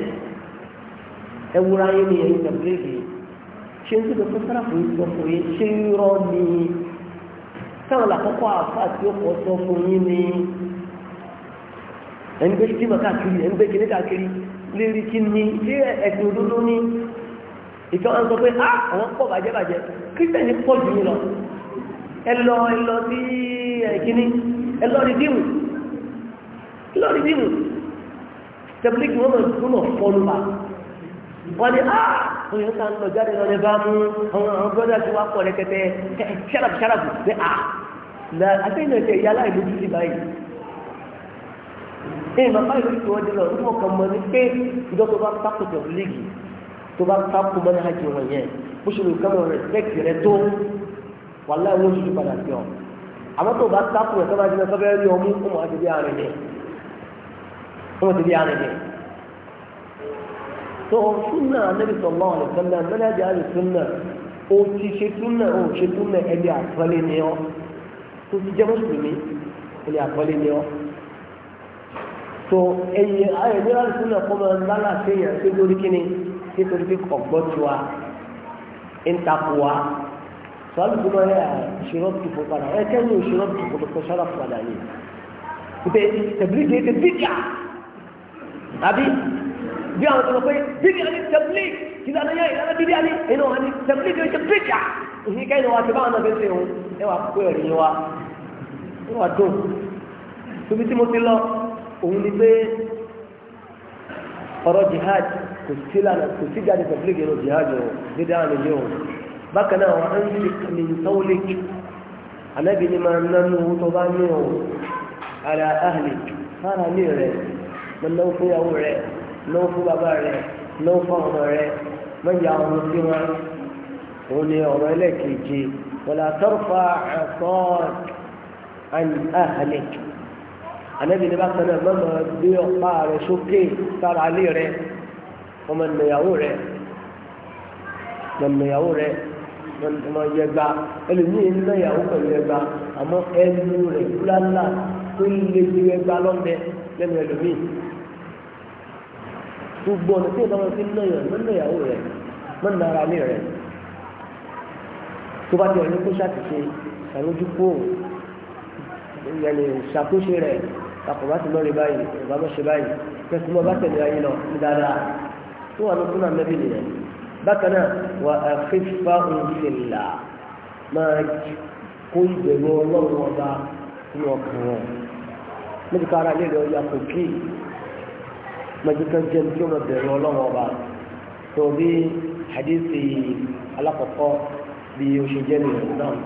ẹ wúra yín ni ẹ̀yin tẹ̀ bírèkì ṣé ń sọ pé sára fún yín sọ fún yín ṣé ń rọ́ ni sáwọn làkọ́kọ́ àfa tí ó kọ́ sọ fún yín ni ẹ̀ ń gbé kíma káàkiri ẹ̀ ń gbé kíní káàkiri lérí kí ni ṣé ẹ̀sìn òdodo ni ìkan wọn sọ pé á ah, àwọn pọ̀ bàjẹ́ bàjẹ́ kírísítẹ̀nì pọ̀ jù yín lọ ẹ lọ ẹ lọ sí ẹ̀kíní ẹ lọ rí díìmù ẹ lọ rí díìmù tẹ̀blíkì wọn mọ̀ fún mọ̀ fọ́nù bá wọ́n ní á ah! òun yóò kàn lọ jáde lọ lè bá mú àwọn àwọn bọ́dà tí wàá pọ̀ rẹ́kẹ́tẹ́ ṣáràbù ṣáràbù bẹ́ẹ̀ á àtẹ́yìn náà ṣe ìyá báyìí ẹ̀yìn bàbá ìlú ìtòwọ́dé lọ ní ọkàn mọ́ ní pé ìjọba bá pàkó tẹ̀blíkì tó bá sáàpù mọ́nà hajj wọn yẹn bó ṣe lè kọ́ mọ́ respect rẹ tó wàhálà wọn ṣoṣo padà sí ọ àmọ́ tó bá sáàpù rẹ sábà jẹ́ sábẹ́ rí ọmú ọmọ àti bí arìn yẹn ọmọ àti bí arìn yẹn. tó súnà anábì sọ̀lá ọ̀nà sọ́nà mẹ́lẹ́dì àlè súnà ó ti ṣe súnà ó ṣe súnà ẹni àtọ́lé ni ọ́ tó ti jẹ́ mùsùlùmí ẹni àtọ́lé ni ọ́ tó ẹ̀yìn ayọ̀ ní àlè súnà kọ́ mọ́ ńlá láti ẹ̀yìn àti nítorí pé ọ̀gbọ́ tí wa ń takò wa sọ́ọ́lù tó lọ́ọ́ yẹ ìṣòro tìfò padà ẹ kẹ́yìn ìṣòro tìfò tó kọ́ sọ́ọ́lù padà ni ìpè tẹ̀bílì kìí ṣe bíjà àbí bí àwọn tó lọ pé bíjà ni tẹ̀bílì kìí ṣe àdáyé ìlànà bíjà ni inú wa ni tẹ̀bílì kìí ṣe bíjà òfin kẹ́yìn wa ti báwọn náà fi ń ṣe òun ẹ wà kó ẹ̀rí wa ẹ wà dùn tóbi tí mo ti lọ òun ni pé ọ̀rọ̀ jihad kò sí lànà kò sí jáde pẹ̀lú ìgbẹ́nu jihadi o dídá àmì ilé o bákan náà wọn ń fi kàmí sọ́wọ́lé anábì ni máa nánú owó tó bá ní o ara ahli fara ní rẹ náwó fún ìyàwó rẹ náwó fún bàbá rẹ náwó fún ọmọ rẹ mọ̀nyà ọmọ sí wọn òun ni ọ̀rọ̀ ẹlẹ́ẹ̀kejì wọlé àtọ́fà ẹ̀kọ́ ahli anábì ni bákan náà gbé ọ̀pá rẹ sókè sára alé rẹ ọmọ ìnàyàwó rẹ̀ ìnàyàwó rẹ̀ ọmọ ìyẹgba ẹlòmíì ń náyàwó pẹ̀lú ẹgba àmọ́ ẹnu rẹ̀ kúláńlá tó ń lé ju ẹgba lọ́mọdé lẹ́nu ẹlòmíì gbogbo ọ̀nà tí ìdáwọ́ fi ń náyàn ló ń náyàwó rẹ̀ lọ́n nara lé rẹ̀ tó bá ti ọ̀yọ́ kó ṣàtìṣe ṣàlójúkó ìyẹnì ṣàkóṣe rẹ̀ kàpọ̀ bá ti lọ́ọ́ rí báyìí ìbámu ṣe báyìí kẹsìmọ́ bá tẹ̀lé ayé lọ ní dáadáa tó wà lókun náà nẹ́bí nìyẹn bákan náà wà á fi fa òǹfìlà máa kó ìbẹ̀rù ọlọ́run ọba nínú ọkàn wọn níbi ká ara léèrè ọjà kò kí mọ̀jíkà jẹ́ tí ó lọ ọlọ́run ọba tó bí hadithi alákọ̀ọ́kọ́ bí o ṣe jẹ́ nìyẹn náà.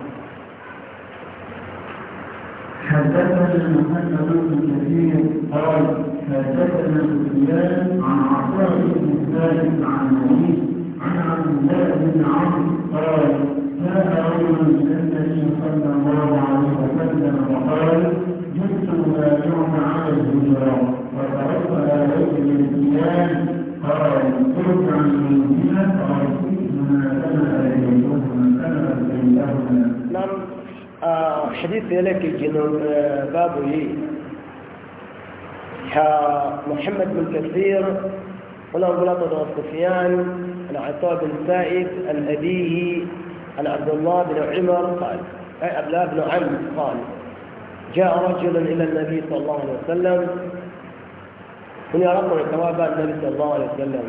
حدثنا محمد بن كثير قال حدثنا سفيان عن عطاء بن ثابت عن علي عن عبد الله بن عمرو قال جاء رجل النبي صلى الله عليه وسلم وقال جئت مبايعك على الهجره وتركت عليك الامتياز قال قلت عن منزلك رسول ما كان عليه وسلم كان بينهما نعم. آه، حديث لك الجنوب آه، بابه محمد بن كثير ولا بن سفيان عن عطاء بن سائد عن أبيه عن عبد الله بن عمر قال أي عبد الله بن عم قال جاء رجل إلى النبي صلى الله عليه وسلم من يرقم ثواب النبي صلى الله عليه وسلم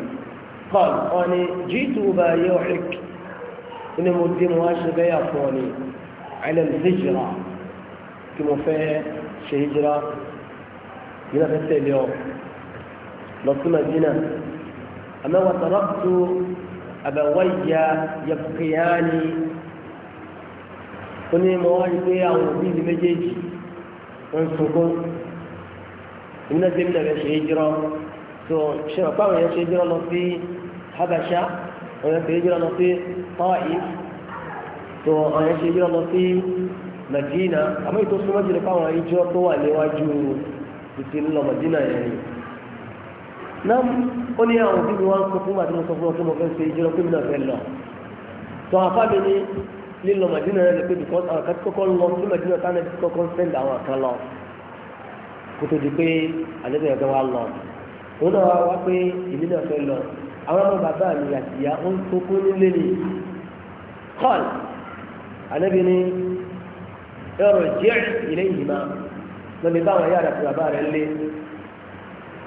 قال أنا جئت أبايعك إن مدين واشي بيع فوني على الهجرة كما فيه شي هجرة هنا فتح اليوم لطل مدينة أما وتركت أبوي يبقيان قلني مواجهة أو بيد مجيج وانسكم إن زمنا بشي هجرة شنو قالوا يا شي هجرة لطي حبشة ويا شي هجرة لطي طائف tó ọ̀yẹ́ ṣe bí ọmọ sí Madina àmọ́ ètò súnmọ́ jùlọ fáwọn ìjọ tó wà níwájú títí ńlọ Madina yẹn ni náà ó ní àwọn òbí mi wá ń sọ fún sọ fún ọ mo fẹ́ ṣe ìjọba pé mi náà fẹ́ lọ tó àfa mi ní lílọ Madina yẹn pé Madina táwọn ẹni kọ́kọ́ ń àwọn kan lọ kó tó di pé àlejò yẹn fẹ́ wá lọ ànábì ní ẹ̀rọ jẹ́ ilé ìyìnbá lọ́ni báwọn yára fi bàbá rẹ̀ lé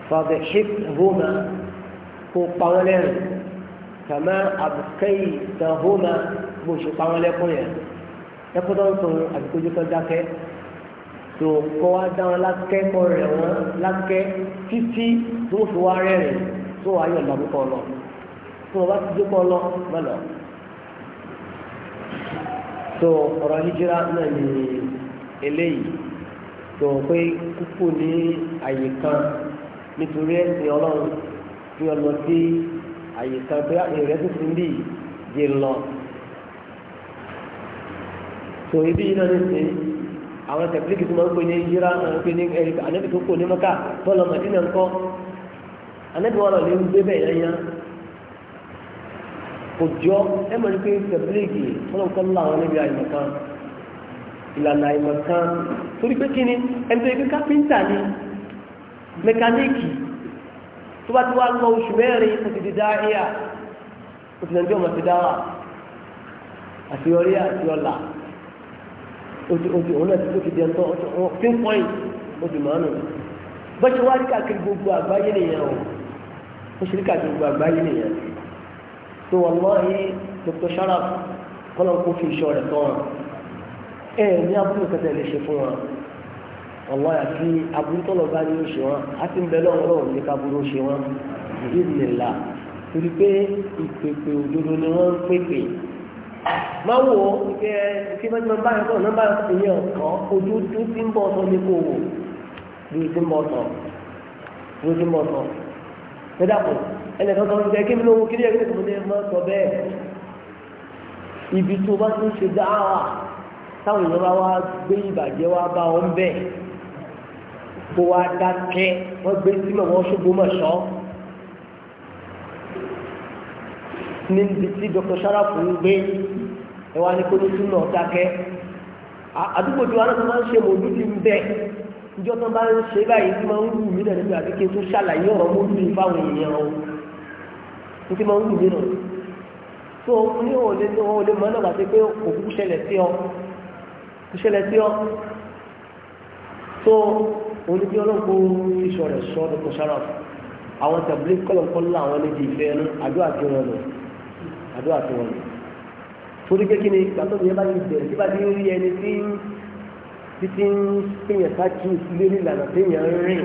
fàbẹ̀ ṣíp hóma kó pa wọ́n lẹ́rìn kàmá àbùkẹ́yì tàn hóma bó ṣe pa wọ́n lẹ́kùn yẹn ẹ̀kọ́ tó ń sọ àbíkójú kan dákẹ́ tó kọ́ wá dá wọn lákẹ́kọ̀ọ́ rẹ̀ wọ́n títí tó fi wá rẹ́rìn tó wàá yọ̀ lọ́bùkọ́ lọ tó wọ́n bá ti dé lọ mọ́ tó ọ̀rọ̀ hijira náà ni eléyìí tó pé kúkú ní àyè kan nítorí ẹ̀sìn ọlọ́run fi ọlọ sí àyè kan pé èrè tuntun ń bì yé lọ. tó ibi yìí náà ní sè àwọn tẹ̀pílìkì tó máa ń pè ní hijira náà eh, ń pè ní eh, ànábì tó kù ní mọ́ká tó lọ màdínà ńkọ́ ànábì wọn lọ lè ń gbé bẹ́ẹ̀ yẹn kò jọ ẹ mọ̀ ní pé tẹ̀bílẹ̀gì fọlọ́nkọ́ ńlá àwọn níbi àìmọ̀kan ìlànà àìmọ̀kan torí pé kí ni ẹni tó yẹ pé kápẹ́ńtà ni mẹkáníìkì tó bá ti wá lọ oṣù mẹ́rin ó ti di dá ẹ̀yà ó ti nàìjíríà ọmọ ti dá wà àti orí àti ọ̀là òun náà ó ti di ẹ̀ńtọ́ pinpoint ó ti mọ̀ ọ́nà bọ́sẹ̀ wá rí káàkiri gbogbo àgbáyé nìyẹn o ó ṣe rí káàkiri gbogbo àgbáyé nìyẹn so wallahi Dr. Sharaf kọ́lọ̀ kó fi iṣọ́ rẹ̀ tán ẹ ní abúlé kẹtẹ lè ṣe fún wọn wallahi àti abúlé tọ́lọ̀ bá ní oṣù wọn á ti ń bẹ lọ́wọ́ lọ́wọ́ ní kábúrú oṣù wọn ìdí nìlá torí pé ìpèpè òdodo ni wọ́n ń pèpè máa wò ó ike kí wọ́n ti máa bá ẹ̀kọ́ náà bá ìyẹn ọ̀kan ojú ti ń bọ̀ ọ̀tọ̀ ní kò wò bí ó ti ń bọ̀ ọ̀tọ̀ bí ó ti ń bọ̀ ọ̀tọ̀ ẹnìkan kan ń jẹ kí ló ń kí ló ń kí ló ń sọ bẹ́ẹ̀ ibi tó bá tún ṣe dáhà táwọn èèyàn bá wá gbé ìbàjẹ́ wá bá wọn bẹ̀ kó wá dákẹ́ wọ́n gbé sílọ̀ wọ́n ṣubú mọ̀ṣọ́ níbi tí Dr. Sharafu ń gbé ẹ wá ní kó ní túnú dákẹ́ àdúgbò tí wọn náà máa ń ṣe mòlúdì ń bẹ ìjọ ń ṣe báyìí tí wọn ń wù mí lẹ́nu pé àti kí ṣàlàyé ọ̀rọ̀ mòlúdì fáwọn èèyàn o nítorí máa ń lù nínú tó ní òun lè ní òun lè mọ náà láti pé òkú ṣẹlẹ̀ sí ọ kú ṣẹlẹ̀ sí ọ tó òun ní bí ọlọ́gbó iṣọ rẹ̀ sọ ní kò sára àwọn tàbílẹ̀ kọ́lọ̀kọ́lọ̀ àwọn lè di ìfẹ́ ẹnu àdó àti wọn lọ àdó àti wọn lọ torí pé kí ni gbàtọ́ mi yẹn bá ti bẹ̀rẹ̀ tí bá ti rí ẹni tí títí ń pèyàn sáà kí ìsílẹ̀ nílànà téèyàn rìn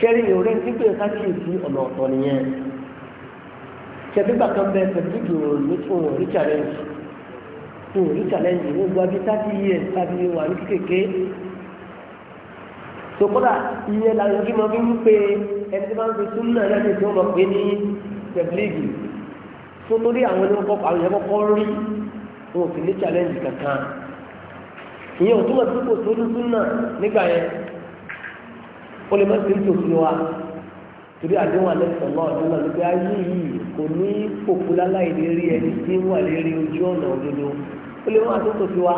ṣẹ́rí ìròrí dídò ẹ̀ka kìí sí ọ̀nà ọ̀tọ̀ nìyẹn ṣẹ́bígbà kan bẹ pẹ̀lú ohun rí challenge ohun rí challenge ní gbogbo abí tábí yẹ tábí wà ní kékeré sokola iye làwọn kí wọn fi ń pe ẹni tí wọn fi tún náà lẹ́sìn tí wọn lọ pé ní pẹ̀lú tó torí àwọn ẹni kọ́kọ́ àwọn ẹni kọ́kọ́ rí ohun sì ní challenge kankan ìyẹn ò túmọ̀ sí kò tó ní ó lè má sí tòsí wa torí àdéhùn alẹ́sàn náà ọdún náà nígbà ayé yìí kò ní pòpùlá láì lè rí ẹni tí ń wà lérí ojú ọ̀nà òdodo ó lè má sí tòsí wa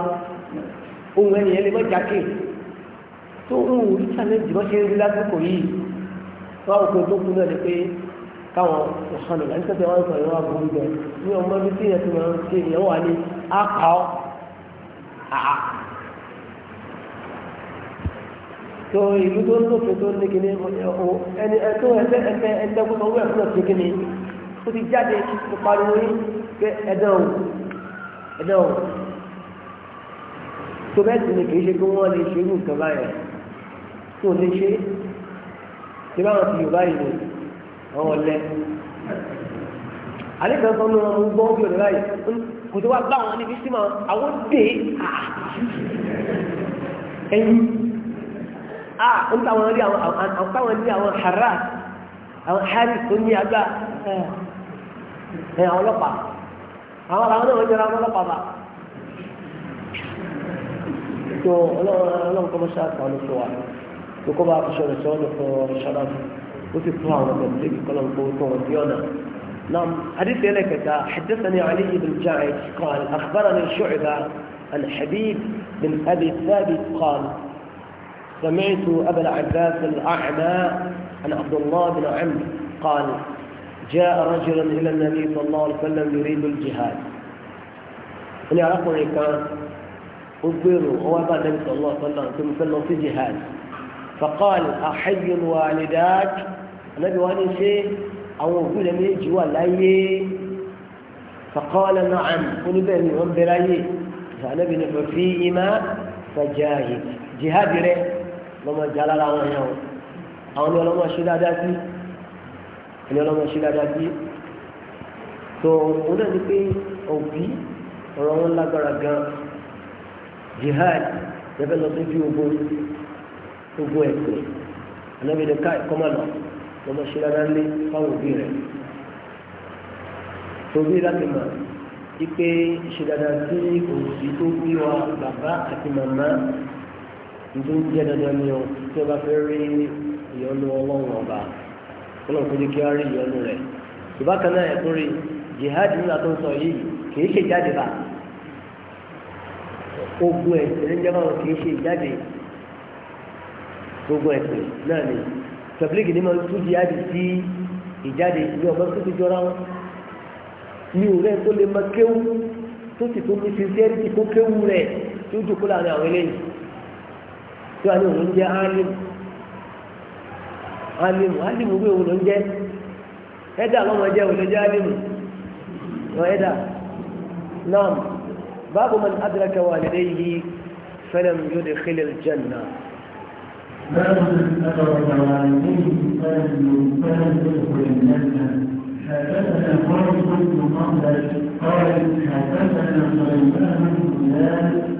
ohun ẹni yẹn lè má jákè tó ń wù rí challenge bá ṣe ń rí lásìkò yìí wọn àwọn òkè tó kú náà ni pé káwọn ìṣàlù láti sọ́tẹ̀ wọn sọ ìwọ́n àbúrú bẹ́ẹ̀ ní ọmọ ibi tí ìyẹn ti máa ń ṣe ìyẹn wà ní àpá àá tó ìlú tó lófin tó ní kíní ẹni ẹtọ ẹtẹ ẹtẹ ẹtẹ kó sanwó ẹfún ọtí kíní ó ti jáde ó pariwo yín pé ẹdán o ẹdán o tó bẹ́ẹ̀ sì ni kì í ṣe pé wọ́n lè ṣe irú nǹkan báyẹn tó lè ṣe ṣe báwọn ti yorùbá báyìí kò tó ah ń táwọn rí àwọn táwọn ní àwọn hara àwọn hari tó ní agbá ẹ àwọn ọlọ́pàá àwọn àwọn náà wọ́n jẹ́ra àwọn ọlọ́pàá bá tó ọlọ́run kọ́ mọ́ṣá kan fún wa tó kọ́ bá aṣọ rẹ̀ sọ́ọ́ fún ọ̀ṣọ́dá ó sì fún àwọn ọmọ ìlú kọ́lọ́ kó tó wọn bí ọ̀nà نعم حديث لك حدثني علي بن جعد قال أخبرني شعبة عن حبيب بن أبي ثابت قال سمعت أبا العباس الأعمى عن عبد الله بن عمرو قال جاء رجل إلى النبي صلى الله عليه وسلم يريد الجهاد إلى رقم كان أخبره هو أبا النبي صلى الله عليه وسلم ثم سلم في جهاد فقال أحي والداك النبي وأنا شيء أو أقول أن يجي ولاي فقال نعم قل بني وانبلاي فأنا بنفسيهما فجاهد جهاد ليه lọ́mọ jà lára àwọn èèyàn o àwọn ni ọlọ́mọ ṣe dáadáa sí ẹni ọlọ́mọ ṣe dáadáa sí tó o náà ní pé òbí ọ̀rọ̀ wọn lágbára gan jihad lẹ́fẹ̀ lọ sí bí ogun ogun ẹ̀sìn anábìyẹn ká ẹ̀kọ́ máa lọ lọ́mọ ṣe dáadáa lé fáwọn òbí rẹ̀ torí láti mọ̀ ipe ṣe dáadáa sí òbí tó bí wa bàbá àti màmá nítorí jẹ́ dandan ni o tí o bá fẹ́ rí ìyọnu ọlọ́run ọba ọlọ́run kò ní kí wọ́n rí ìyọnu rẹ̀ ìbákan náà ẹ̀kún rí jihad nígbà tó ń sọ yìí kì í ṣe jáde bá ogun ẹ̀sìn ní jẹ́ báwọn kì í ṣe jáde gbogbo ẹ̀sìn náà ni tẹ̀blíkì ni mo tún jihad sí ìjáde ìlú ọgbẹ́ tó ti jọra wọn ní òrẹ́ tó lè máa kéwú tó sì tó ní sincerity kó kéwú rẹ̀ tó dùkú láàrin àwọn eléyìí. tí wọ́n ní òun jẹ́ alim alim alim wí òun ló ń jẹ́ ẹ̀dà lọ́mọ jẹ́ òun ló jẹ́ alim wọ́n ẹ̀dà nam báàbù man adraka walidayhi falam yudkhil al-janna. باب من أدرك والديه فلم يدخل الجنة حدثنا خالد بن قبل قال حدثنا سليمان بن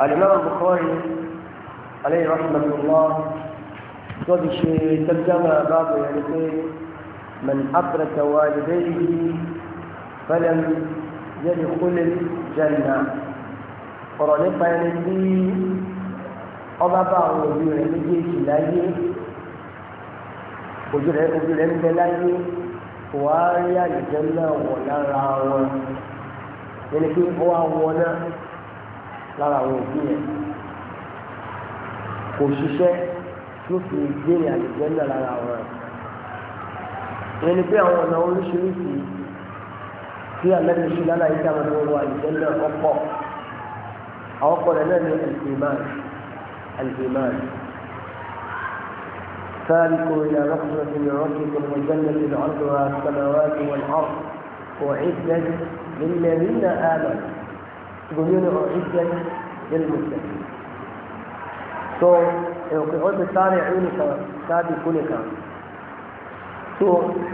الإمام البخاري عليه رحمة الله قد ترجم بعض يعني من أدرك والديه فلم يدخل الجنة ọ̀rọ̀ nípa ẹni tí ọba bá àwọn òbí rẹ̀ méjèèjì láyé òbí rẹ̀ òbí rẹ̀ ń bẹ láyé kò wá rí àlùjẹ́ náà wọ̀ lára wọn ẹni pé ó wá wọ náà lára àwọn òbí yẹn kò ṣiṣẹ́ ló fi gbére àlejò ńlá lára àwọn ìyẹn ni pé àwọn ọ̀nà oríṣiríṣi tí àlejò ṣe lára yìí dáhùn ní ọrọ̀ àlejò ńlá ọ̀pọ̀ àwọn ọ̀pọ̀ rẹ̀ náà ní al-iman al-iman. سالكوا إلى رحمة من ربكم وجنة عرضها السماوات والأرض أعدت للذين آمنوا ṣùgbọ́n yóò ní ọ̀rọ̀ ìjẹ́ nínú ìṣẹ́. tó ẹ̀rọ pé wọ́n ti sáré ẹ̀rọ kan sáàbì kú nìkan. tó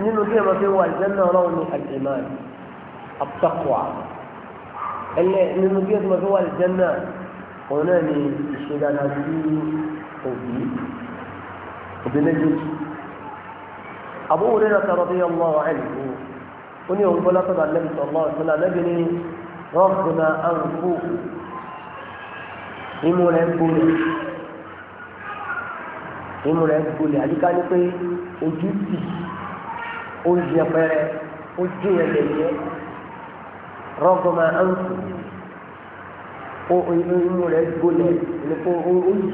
nínú bí ẹ̀rọ pé wà ìjẹ́nà ọlọ́run ní àjẹmáà àtàkùà ẹlẹ́ nínú bí ẹ̀rọ pé wà ìjẹ́nà òun náà ní ìṣe dáadáa sí òbí òbí méjèèjì. àbúrò rẹ̀ rẹ̀ sọ̀rọ̀ bí ọmọ ẹ̀ rọ́bùnà àǹkó imú rẹ̀ ń gbolẹ̀ imú rẹ̀ ń gbolẹ̀ àyíká ni pé ojú tì ó yẹ pẹrẹ ó dín ẹlẹ yẹ rọ́bùnà àǹkó imú rẹ̀ gbolẹ̀ nípa ó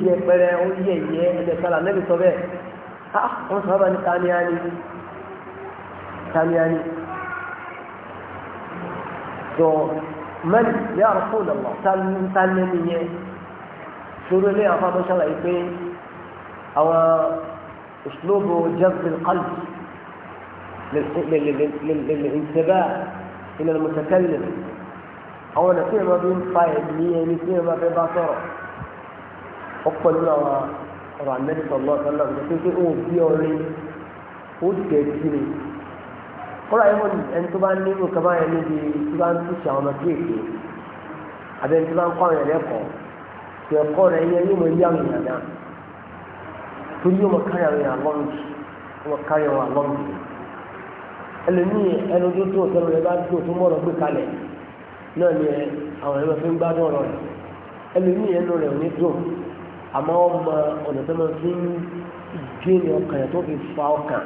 yẹ pẹrẹ ó yẹ yẹ ẹlẹ kálá nẹ́bí sọ bẹ́ẹ̀ ah wọ́n sọ bá ní taniani taniani. So, من يا رسول الله من سالمية شروع لي أفضل الله في أو أسلوب جذب القلب للانتباه إلى المتكلم أو نسيء يعني ما بين فايد مية نسيء ما بين باطرة أقبل لنا أرى النبي صلى الله عليه وسلم يقول أوه بيوري أوه بيوري kọ́ra yẹn fún ẹni tó bá ní irú kaba yẹn níbi tó bá ń túṣe àwọn ọmọ kéèké àbẹ ẹni tó bá ń kọ́ àwọn yẹn lẹ́kọ̀ọ́ tó ẹ̀kọ́ rẹ̀ yẹn yóò mọ ilé àwọn èèyàn náà torí yóò mọ kárí àwọn èèyàn lọ́nù yóò mọ kárí àwọn lọ́nù ẹlòmíì ẹnu tó tó tẹnu rẹ bá tó tó mọ̀rọ̀ gbé kalẹ̀ náà ni àwọn ẹ̀rọ fi ń gbádùn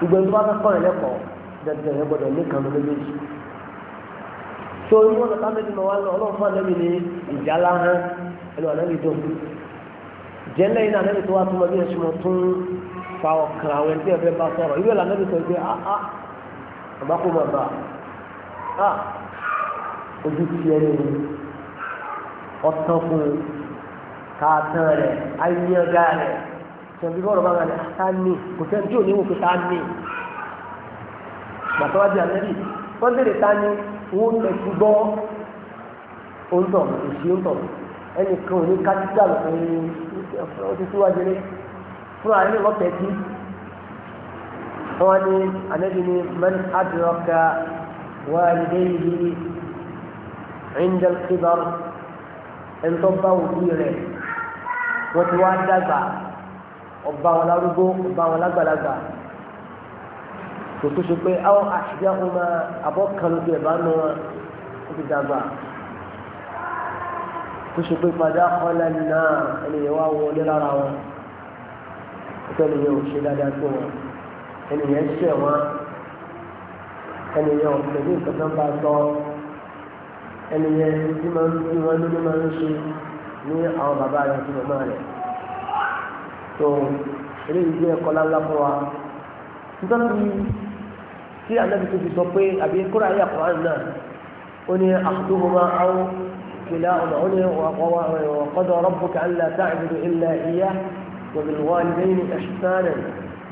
gbogbo ẹni tó bá fẹ́ kọ́ ẹ̀ lẹ́kọ̀ọ́ dandan ẹ gbọ́dọ̀ ní kan méjèèjì tó inú ọ̀nà tábìlì máa wá lọ ọlọ́run fún ànábì ní ìjálá hán ẹnu ànábì tó jẹ́lẹ̀ iná ànábì tó wá tó lọ bí ẹṣin mọ́ tún fa ọ̀kan àwọn ẹni tí ẹ fẹ́ bá sọ̀rọ̀ ìwé ìlànà ànábì sọ pé áá àbá kó máa bá a ah, ojú ti ẹni ọ̀tán fún káàtán rẹ̀ ayélujára tẹ̀sí bọ́ọ̀rọ̀ bá wàlẹ̀ sáni kò tẹ́ tí ò ní wò pé sáni gbàtọ́ wá di àlẹ́bí wọ́n tẹ̀lé sáni wọ́n tẹ̀sí gbọ́ òǹtọ̀ òṣì òǹtọ̀ ẹnì kan ò ní kájíkà lọ́sọ̀rọ̀ ó ti síwájú lé fún àárín ìwọ́pẹ̀ tí wọ́n ní àlẹ́bí ni man adraka walidayhi inda al-kibar ẹ̀ńtọ́ bá òbí rẹ̀ wọ́n ti wá dàgbà ọba wọn lárúgbó ọba wọn lágbàlagbà tòtò ṣe pé àwọn àṣìyá wọn máa abọ́ kan lóde ẹ̀bá nu wọn ó ti dàgbà tó ṣe pé padà kọ́lá náà ènìyàn wá wọlé lára wọn ìtẹ́nìyàn ò ṣe dáadáa tó wọn ènìyàn ṣẹ̀ wọn ènìyàn ọ̀pẹ̀ ní bá tọ́ ènìyàn tí máa ń bí máa ń ṣe ní àwọn bàbá rẹ̀ àti màmá rẹ̀ tó eléyìí jẹ́ ẹ̀kọ́ lálá fún wa nítorí tí anabi tó fi sọ pé àbí kúrò ayé àkùrán náà ó ní àkùdóhùnmá áwọn kìlá ọ̀nà ó ní ọ̀kọ́dọ̀ rabbuka alla ta'budu illa iyyah wa bil walidayni ihsana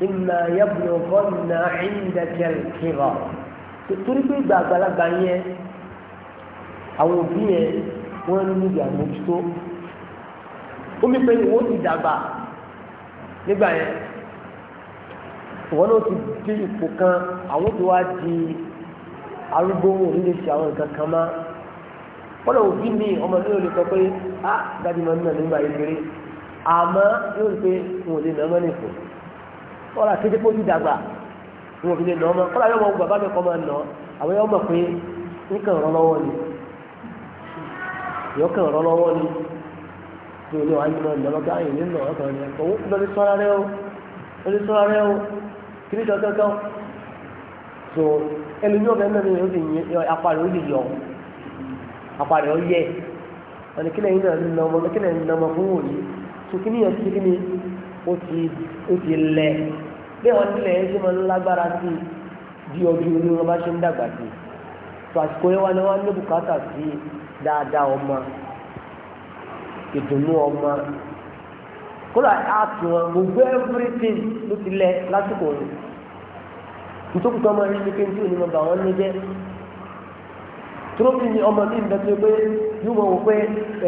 imma yablughanna 'indaka al-kibar torí pé ìgbà àgbàlagbà yẹn àwọn òbí yẹn wọ́n ń níbi àmójútó ó mi pé ìwọ́n ti dàgbà nígbà yẹn ìwọ náà ti dé ipò kan àwọn tó wá di arúgbó wọn ò àwọn nǹkan kan òbí mi ọmọ mi ò lè sọ pé á dájú máa ń nígbà yìí kéré àmọ́ yóò rí pé n ò lè nà ọmọ nìkú kọ́lá kété dàgbà n ò lè nà ọmọ tí olú wa ń lọ ìdàgbàgbà yìí nínú ọkàn rẹ owó lọ sí sọ́ra rẹ o lọ sí sọ́ra rẹ o kí ni kankan so ẹlòmí ọ̀bẹ náà ni yóò sì yẹ apá rẹ ó lè yọ apá rẹ ó yẹ ọ̀nà kílẹ̀ yìí náà ń nà ọmọ kílẹ̀ ń nà ọmọ fún òyì so kí ni yẹn kí ni ó ti lẹ̀ bí wọn tilẹ̀ yẹn ṣe máa ń lágbára sí bí ọdún ní wọn bá ṣe ń dàgbà sí so àsìkò yẹn wá ni wọn ìdùnnú ọmọ kódà àti wọn gbogbo everything ló ti lẹ lásìkò rẹ̀ ìtòkùtò ọmọ yìí ni kéńtì òní ọba wọn ní jẹ trófì ni ọmọ mi ń bẹ pé pé yóò mọ wò pé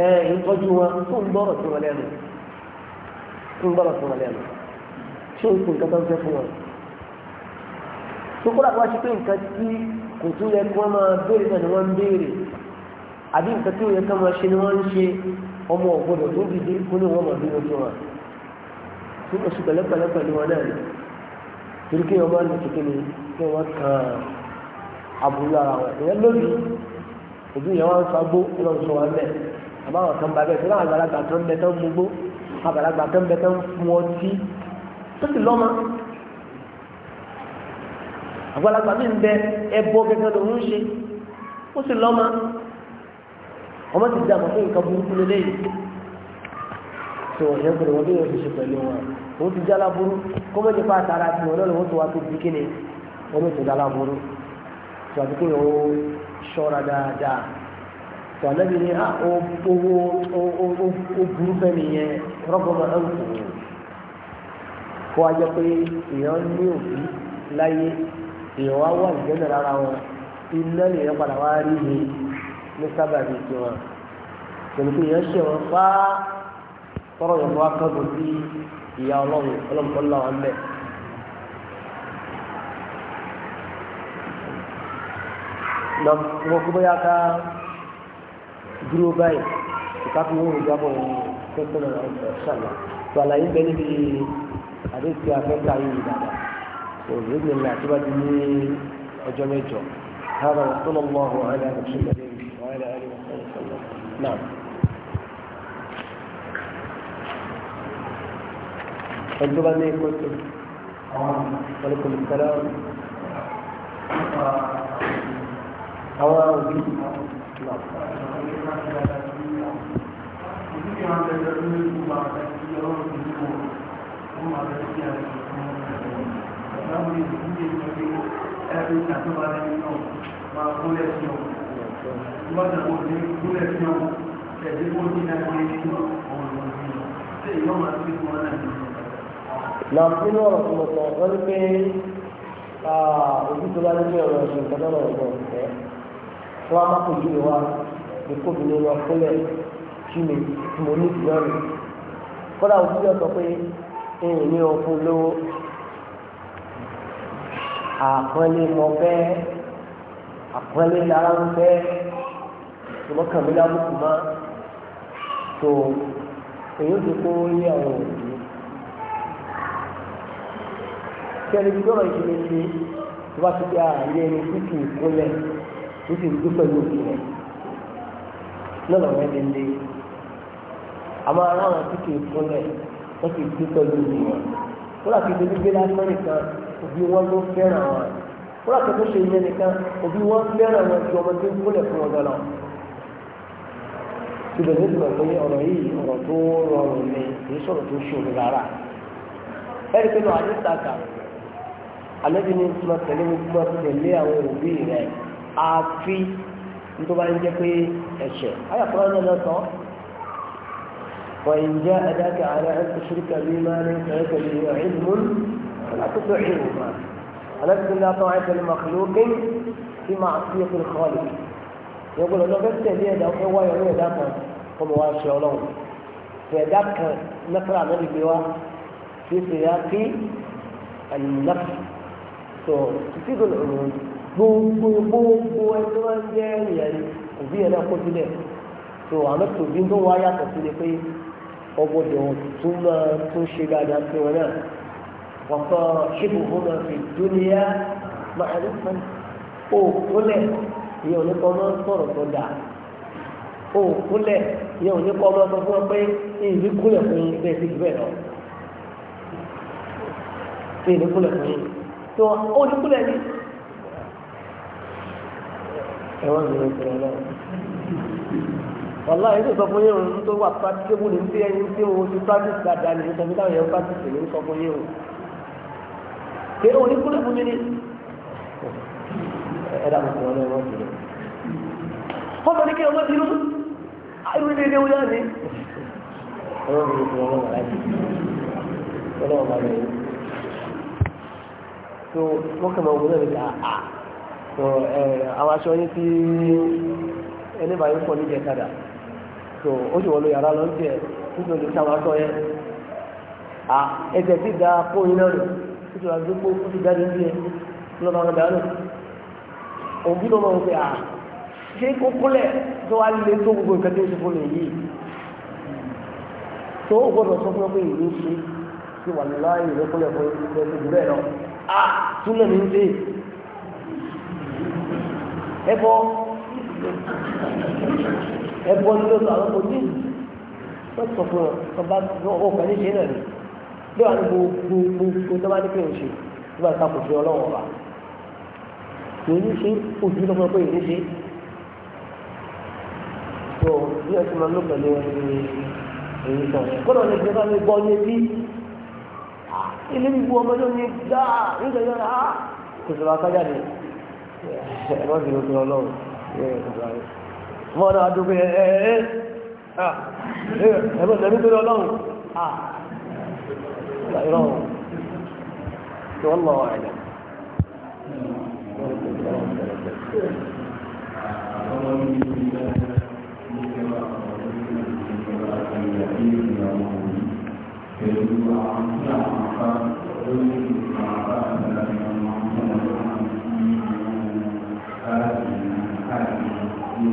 ẹ ń tọ́jú wọn tó ń gbọ́rọ̀ sí wọn lẹ́nu tó ń gbọ́rọ̀ sí wọn lẹ́nu ṣé o kò nǹkan tó ń fẹ́ fún wọn tó kódà wá sí pé nǹkan tí kò tún yẹ kí wọ́n máa béèrè náà ni wọ́n ń béèrè àbí nǹkan tí ò yẹ kí wọ́n máa ṣe ni wọ́n ń ṣe ọmọ ògbódò tó dìde kó ní wọn mọ̀ bí ojú wa tí mo sì pẹ̀lẹ́pẹ̀lẹ́ pẹ̀lú wọn náà torí kí wọn máa lè kékeré ni kí wọn kàn àbúrò ara wọn ìyẹn lórí òbí yẹn wọn fa gbó lọ sọ wọn bẹ́ẹ̀ àmọ́ àwọn kan bá bẹ́ẹ̀ tí wọn àgbàlagbà tó ń bẹ tó ń mú gbó àgbàlagbà tó ń bẹ tó ń mu ọtí tó sì lọ́mọ àgbàlagbà mi ń bẹ ẹbọ gẹ́gẹ́ ló ń ṣe ó sì lọ́mọ ọmọ ti dàmọ̀ fún nǹkan burúkú lélẹ́yìn tó ọ̀yẹ́ gbọ́dọ̀ wọ́n bí wọ́n ti ṣe pẹ̀lú wọn wọ́n ti já láburú kọ́mọ́jì pa àtàrà tí wọ́n lọ́lọ́ wọ́n tó wá tó bí kíni wọ́n tó dá láburú tó àti kí wọ́n ṣọ́ra dáadáa tó ànábi ni a ah, owó ó burú fẹ́ nìyẹn rọ́gbọ́mọ ẹ̀ ń kù kó a jẹ pé èèyàn ní òbí láyé èèyàn wá wà ìjẹ́nà ní sábàbí tí wọn pẹ̀lú pé yẹn ṣe wọn fá tọrọ yẹn wá kọdùn sí ìyá ọlọ́run ọlọmọkọlọ wọn bẹ. lọ wọn kó bóyá ká dúró báyìí ìka tó wọn ìjábọ̀ tó tó lọ tó àlàyé bẹ níbi àdéhùn afẹ́ká yìí dáadáa òun ìgbìmọ̀ àti wájú ní ọjọ́ mẹ́jọ. هذا رسول الله على محمد وعلى آله وصحبه وسلم نعم أنتم بني كنتم وعليكم السلام أولا Thank you lọ́nà òní gúnlẹ̀ sí ọmọ ẹ̀dí ó ní láti ní ọmọ ìlú ṣé ìyọ́ máa fi wọn náà ní ọmọ na nínú ọ̀rọ̀ tó lọ sọ wọ́n ní pé ojú tó bá ní pé ọ̀rọ̀ ẹ̀sìn kan náà ọ̀rọ̀ ọ̀fẹ́ tí wọ́n á má kojú rẹ̀ wá ní kóbìnrin wọn kúnlẹ̀ tí mo ní ìgbọ́rù kódà ojú yóò sọ pé èèyàn ní ọkùn lówó àpọ́nlé mọ fẹ́ àpọ́nlé lára ń fẹ́ ṣùgbọ́n kàmí lábùkù máa tó èyí ó ti kó rí àwọn òbí kí ẹni tí lọ́rọ̀ ìṣẹ̀lẹ̀ ṣe tó bá ti di ààrẹ ẹni tí kì í kúnlẹ̀ tó sì dúró pẹ̀lú òbí rẹ̀ lọ́nà rẹ̀ lélẹ̀ àmọ́ aláwọ̀ tí kì í kúnlẹ̀ wọ́n sì dúró pẹ̀lú òbí rẹ̀ wọ́n àti ìdílé lásán nìkan òbí wọn ló fẹ́ràn wọn wọ́n àti tó ṣe ìyẹn nìkan òbí wọn fẹ́ràn wọn ju ọmọ kúnlẹ̀ fún ọjọ́ síbẹ̀ ní ìgbà pé ọ̀rọ̀ yìí ọ̀rọ̀ tó rọrùn ni kì í sọ̀rọ̀ tó ṣòro rárá ẹni pé lọ àyè sàkà alẹ́bí ni tí wọ́n tẹ̀lé mi tí wọ́n tẹ̀lé àwọn òbí rẹ̀ àfi nítorí wọ́n jẹ́ pé ẹ̀ṣẹ̀ ayàtọ̀ náà lọ sọ وإن جاهداك على أن تشرك بما ليس لك به علم فلا تطعهما ألست لا طاعة لمخلوق في معصية الخالق يقول أنا بس تهدي هذا وهو يعمل kọ́mọ wá ṣe ọlọ́run ẹ̀dá kan nẹ́fẹ̀rẹ́ ànábì gbé wá kí ṣe yá kí ànínàfẹ́ tó títí tó lọ́rùn gbogbo gbogbo ẹni tó máa ń jẹ́ ìyẹn òbí yẹn náà kó sílẹ̀ tó àmọ́ tòbí tó wá yàtọ̀ sí ni pé ọgbọ́dọ̀ tún máa tún ṣe dáadáa sí wọn náà wọ́n sọ ṣíbù fún fi dúnìyà máa ń sọ òkúlẹ̀ ìyẹn ò ní kọ́ máa ń sọ̀rọ̀ tó dáa o kúnlẹ̀ yẹn ò ní kọ́ ọmọ sọ fún ọ pé ìní kúnlẹ̀ fún yín bẹ́ẹ̀ sí jù bẹ́ẹ̀ lọ ìní kúnlẹ̀ fún yín tó o ní kúnlẹ̀ ní. ẹ̀wọ̀n mi ò tẹ̀lé lọ. wàlá yìí tó sọ fún yín òun tó wà pátíkébù ní ti ẹyin tí òun ti pátìsì dáadáa ní sọ fún táwọn yẹn pátìsì ní sọ fún yín o. pé o ní kúnlẹ̀ fún mi ní. ẹ̀ẹ́dà mi sọ̀rọ̀ lọ́wọ́ ìrìn. fọ́tò ní kí ọmọ ti rú ilé ilé wúlọ́ ni. ọlọ́run ló fún ọlọ́run láti ọlọ́run máa lọ yìí. tó wọ́n kàn máa wúlọ́ mi ká à tó àwọn aṣọ yín tí ẹni bá yín pọ̀ níjẹ kadà tó ó sì wọ́n lo yàrá lọ sí ẹ̀ nítorí táwọn aṣọ yẹn à ẹsẹ̀ ti da kóyin náà lò nítorí àgbẹ̀pọ̀ ó ti jáde ní ẹ̀ lọ́ba ọ̀dà náà òbí ló máa ń pè à ṣe kókólẹ̀ tó wá lè tó gbogbo nǹkan tó ń ṣe yìí tó o gbọdọ̀ sọ fún ọ ṣe ṣe wà láàyè ìrẹ́kọ́lẹ̀ fún ìgbẹ́ tó gbúrẹ́ lọ a túnlẹ̀ mi ṣe ẹbọ ẹbọ ní lóṣù àwọn kò ní sọ fún ọ ọba ọkàn ní ṣe náà ni bí wàá ní gbogbo gbogbo tó bá ní pé òṣè tó bá ta kò ọlọ́wọ́ wa kò ní ṣe òṣèlú tó fún ọ tó bí ẹ ti máa ló pẹ̀lú ẹni èyí kan kọ́nà ní ìjọba mi gbọ́ ní bí ilé gbogbo ọmọ tó ní gbà nígbà yóò á kò sọ̀rọ̀ akájà ni ẹ má fi oṣù ọlọ́run ẹ ẹ kò sọ̀rọ̀ ayé mọ́ náà dúpẹ́ ẹ ẹ ẹ ẹ bẹ̀rẹ̀ nítorí ọlọ́run à ìrọ̀rùn tí wọ́n lọ ẹ̀yà. Thank you. Thank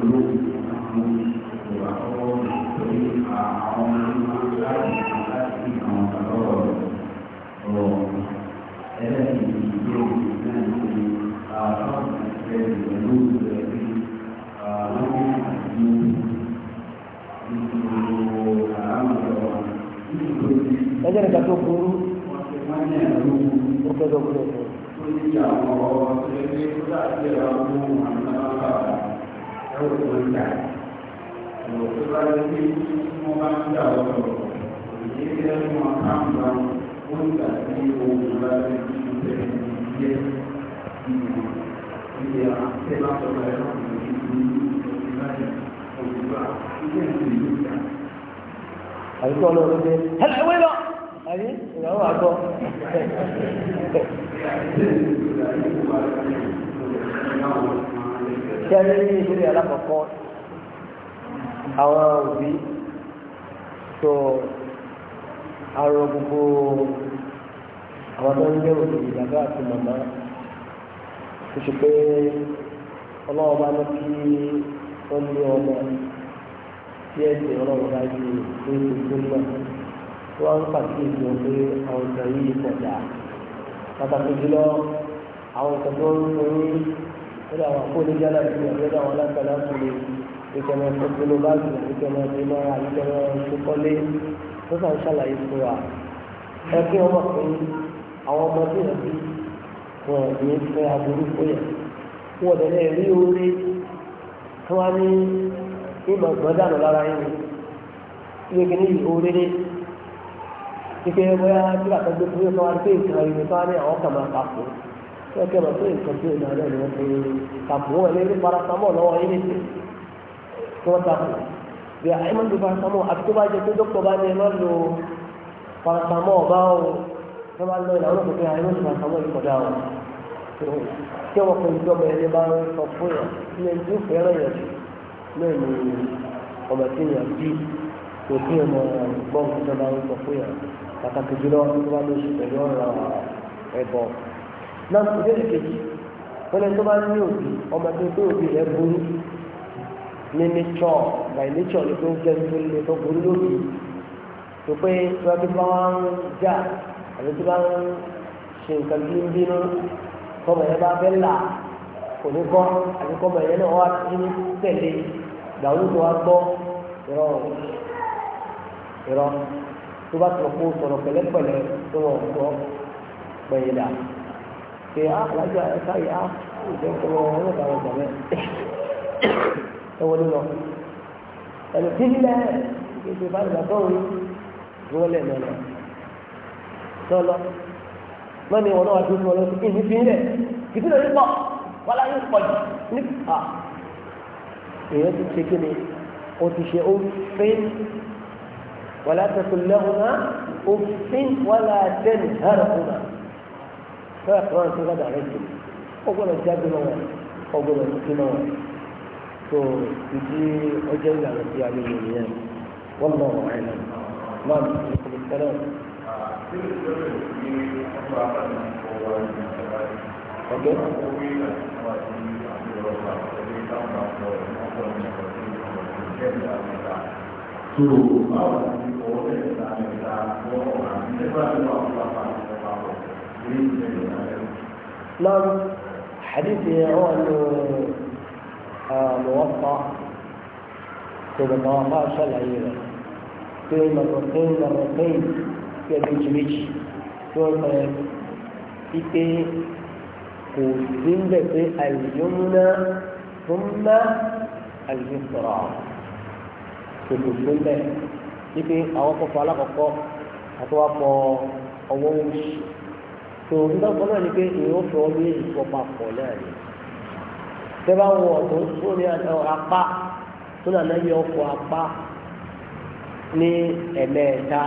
you. ẹjẹ́ nìkan tó burú ó fẹ́ tó burú ọ̀fẹ́. Àyíkọ́ lọ́rọ́ dé, ẹ̀lẹ́wẹ́ lọ! àbí ìyàwó àgbọ̀. Ṣẹ́rí ní ìlú alákọ̀ọ́kọ́ àwọn òbí tó arọ gbogbo àwọn tó ń jẹ́ òbí bàbá àti màmá tó ṣe pé ọlọ́wọ́ bá ní kí wọ́n lé ọmọ tí ẹ̀sìn ọlọ́wọ́ bá yí ní ìlú tí wọ́n ń pàkíyèsí wọn pé àwọn nǹkan yìí kọjá pàtàkì jùlọ àwọn nǹkan tó ń rí lórí àwọn akóníjà láti fi àgbẹ̀ àwọn alágbàdá kiri ìkẹmẹ ìpinnu báàgì ìkẹmẹ ìpinnu ìkẹmẹ ìkọlé tó sàn ṣàlàyé fún wa ẹ kí wọn mọ̀ pé àwọn ọmọdé yẹn bí wọn ò ní fẹ́ aburú fún yẹn wọn ò dẹ̀ rí orí kíkẹ́ bóyá tí bàtà gbé fún yóò wá pé ìtura ìwé tó wá ní àwọn kàmá kàpò tó kẹ́ bàtà ìkan tó ìlànà náà ni wọ́n fi kàpò wọn lé ní paracetamol lọ́wọ́ yín ní tí wọ́n kàpò bí i máa ń lo paracetamol àti tó bá jẹ pé dókítà bá ní ẹ máa lo paracetamol bá o ẹ máa lọ ìlànà òkùnkùn yà ẹ máa lo yìí kọjá o kí wọ́n fún ìjọba ẹni bá sọ fún yà ilé ìdí fẹ́ràn yà ni ọmọ tí yà bí kò tí ì mọ pàtàkì jùlọ tó bá lóṣù pẹ̀lú ọ̀rọ̀ ẹ̀bọ̀ náà ìbéèrè kejì wọ́n lè tó bá ní òbí ọmọ tó tó òbí rẹ̀ burú ní nature by nature ni tó ń jẹ́ tó lè tó burú lóbi tó pé tó bá bí bá wá ń jà àbí tó bá ń ṣe nǹkan bí ń bínú tọmọ yẹn bá fẹ́ là kò ní gbọ́ àbí kọmọ yẹn náà wá sí tẹ̀lé gbàwó tó wá gbọ́ ìrọ̀ ìrọ̀ tó bá sọ̀rọ̀ kó sọ̀rọ̀ pẹ̀lẹ́pẹ̀lẹ́ sọ̀rọ̀ ọ̀gbọ́ pẹ̀yìlà ṣe á alájà ẹ̀ka yìí á ìjọ sọ̀rọ̀ ọlọ́dà ọgbà mẹ́ ẹ wọlé lọ ẹ̀lú tí lílẹ̀ ètò ìbánilá tọ́run ìwọlé lọ lọ lọ́lọ́ mọ́ni ìwọ̀n náà wá dúró lọ sí ìdí fi ń lẹ̀ kìtì lórí pọ̀ wọ́lá yóò pọ̀ jù ní à ah. èèyàn ti ولا تقل لهما اف ولا تنهرهما فاقرأ في غدا عليكم ọgbọ́dọ̀ jáde lọ́wọ́ ọgbọ́dọ̀ tuntun lọ́wọ́ tó ìdí ọjọ́ ìlànà tí a lè lò nìyẹn wọ́n lọ wọ́n ẹ̀ náà máa bí ìpínlẹ̀ tẹ́lẹ̀. ọ̀gẹ́. ọ̀gẹ́. نعم حديثي هو انه موطا كما المواقع الشرعية في مرتين مرتين في الجميج ثم يكي قوزين بي اليمنى ثم اليسرى kòtò tó ń bẹ wípé àwọn kọfọ alákọọkọ àtọwọpọ ọwọ́ oṣù tó nígbà kan náà ni pé èèyàn fọ ọmọ èyí pọ papọ̀ náà ni tẹ́lá wọ ọ̀tún tó ní apá tó nà náà yẹ ọkọ̀ apá ní ẹ̀mẹ́ẹ̀ta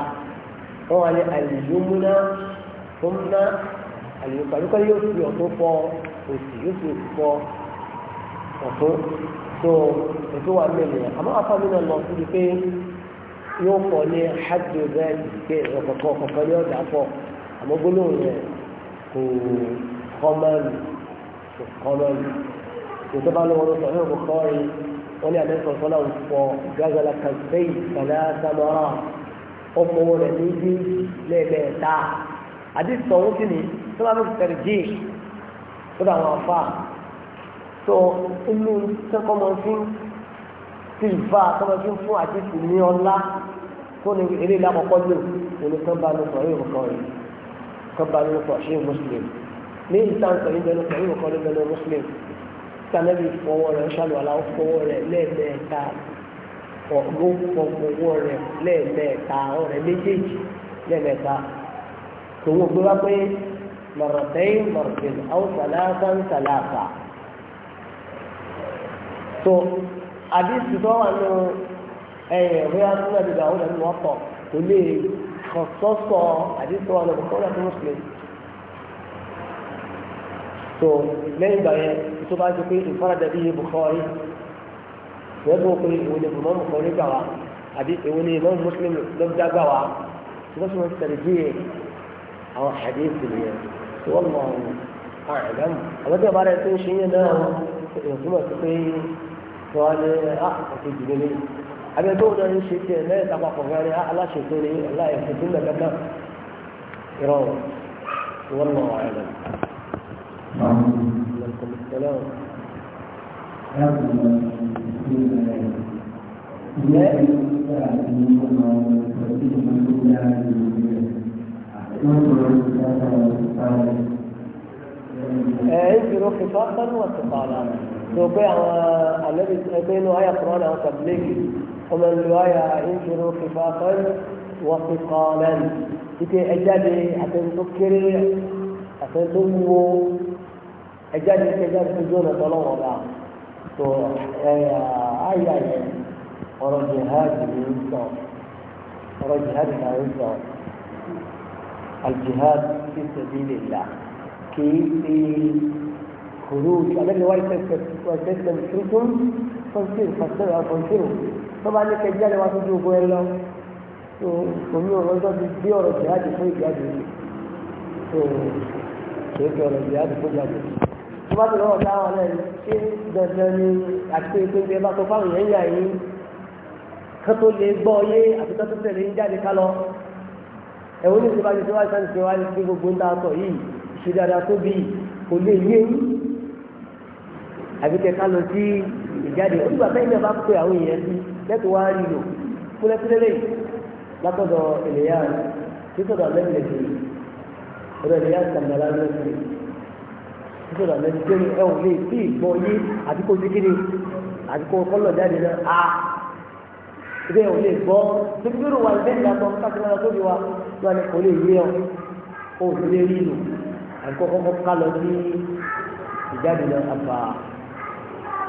wọ́n wà ní àlùmúná tó ń ná àlùmúná yóò fi ọ̀tún fọ òsì yóò fi òsì fọ ọ̀tún tó ètò wà mẹ́lẹ̀ àmọ́ afámínà lọ sí i pé yóò kọ́ ní hajj bẹ́ẹ̀ pé ọ̀kọ̀kan ọ̀kọ̀kan ní ọ̀dà pọ̀ àmọ́ gbólóhùn rẹ̀ kò kọ́mọ́lù kò kọ́mọ́lù ìjọba lọ́wọ́ ló sọ ẹ̀ kò kọ́ ẹ̀ wọ́n ní àdẹ́sọ̀ sọ́lá ń fọ gàgàlà kàgbéyì kàlá sàmọ́rà ọmọ rẹ̀ níbi lẹ́ẹ̀mẹ́ta àdìsọ̀ so inú sẹ́kọ́ máa fi ń silva tó máa fi ń fún àtìsí ní ọlá tó ní eré ilé àkọ́kọ́ lò òní kan bá lọ sọ̀rọ̀ ìrùkọ́ rẹ̀ kan bá lọ sọ̀rọ̀ ṣé muslim ní ìtànsọ ìbẹ̀rù sọ̀rọ̀ ìrùkọ́ rẹ̀ bẹ̀rù muslim sanẹ́bí fọwọ́ rẹ̀ ṣàlùwàlà fọwọ́ rẹ̀ lẹ́ẹ̀mẹ́ta ọ̀gbọ́n fọwọ́ rẹ̀ lẹ́ẹ̀mẹ́ta ọ̀rẹ́ méjèèjì lẹ́ẹ̀mẹ́ta tòun gbé wá pé mọ̀rọ̀tẹ́yìn mọ̀rọ̀tẹ́yìn àwọn sàlásán sàlásán So, àdìsí tó wà nù ẹ̀yìn bóyá nínú àdìgbà àwọn ẹ̀mí wọ́n tọ̀ kò lè kàn sọ́sọ́ àdìsí tó wà nù kókó náà tó mùsùlùm tó lẹ́yìn ìgbà yẹn tó bá ti pé ìfaradà bí iye Bukhari wọ́n bọ̀ pé ìwé ni bùnmọ́ Bukhari gbà wá àbí ìwé ni ìmọ̀ mùsùlùm ló dágbà wá tó bá ti wọ́n ti tẹ̀lé díẹ̀ àwọn àdìsí àwọn àìlẹ́mù àwọn wọ́n ní àkejì nínú abẹ́ tó náà ń ṣe tiẹ̀ lẹ́yìn tá a papọ̀ fún ẹni aláṣetò ní aláìsètò lẹ́gbẹ̀ẹ́ náà ìrọ̀ wọn lọ àìlẹ̀. Ìyá ìlú ìgbà àti ìlú ọmọ ọmọ ìlú ìgbà àti ìlú ìgbà àti ìlú ìgbà. Ẹ ń fi rọ́ọ̀kì fáfánù àti fàlànà. tó pé àwọn àlẹ́bí ẹgbẹ́ inú àyà kan náà tàbílẹ́kì ọmọ ìlú àyà ìṣòro fífa fún wọn fi kàn lẹ́nu wípé ẹjáde àtẹnudó kéré àtẹnudó wúwo ẹjáde ẹjáde tó jóná tọ́lọ́wọ́ bá tó àyà yẹn ọ̀rọ̀ jihadi ni ń sọ ọ̀rọ̀ jihadi ni ń sọ aljihad fi sabilillah kì í fi. الخروج الذي هو يستسلم شركم فانفر فانفر فانفر طبعا لك الجالي واسجوا بوين لهم ومن الرجل بيور الجهاد فوق جهاده شركة ولا جهاد فوق جهاده طبعا هو دعوة على الشيء دردني أكثر يكون بيبا طبعا يهيا يهيا kátó lè gbọ́ yé àtúntò tó tẹ̀lé ń jáde kálọ. ẹ̀wọ́n ní ìṣèwádìí tí wọ́n ṣe ń ṣe wá ní gbogbo ń dáa sọ yìí ṣe dáadáa tó bí kò lè yé yín àbíkẹ́ ká lọ sí ìjáde olùgbà bẹ́ẹ̀ náà bá pè àwọn èèyàn sí lẹ́tọ̀ wá rí lò kúlẹ́kúlẹ́lẹ́ látọ̀dọ̀ ìlẹ̀yà títọ̀dọ̀ lẹ́gbẹ̀ẹ́ ọ̀dọ̀ ìlẹ̀yà sàmìlà lọ́sẹ̀ títọ̀dọ̀ lẹ́gbẹ̀ẹ́ ẹ̀wọ̀n lè sí ìgbọ́ yé àdíkò síkiri àdíkò kọ́lọ̀ jáde náà a ìgbẹ́ ẹ̀wọ̀n lè gbọ́ tìbírù wà lẹ́yìn àtọ̀ káfíńtà tó bí wa wọn kò lè yé ọ kó o ti lè rí lò àdíkò kọ́kọ́ ká lọ sí ìjáde náà àbá.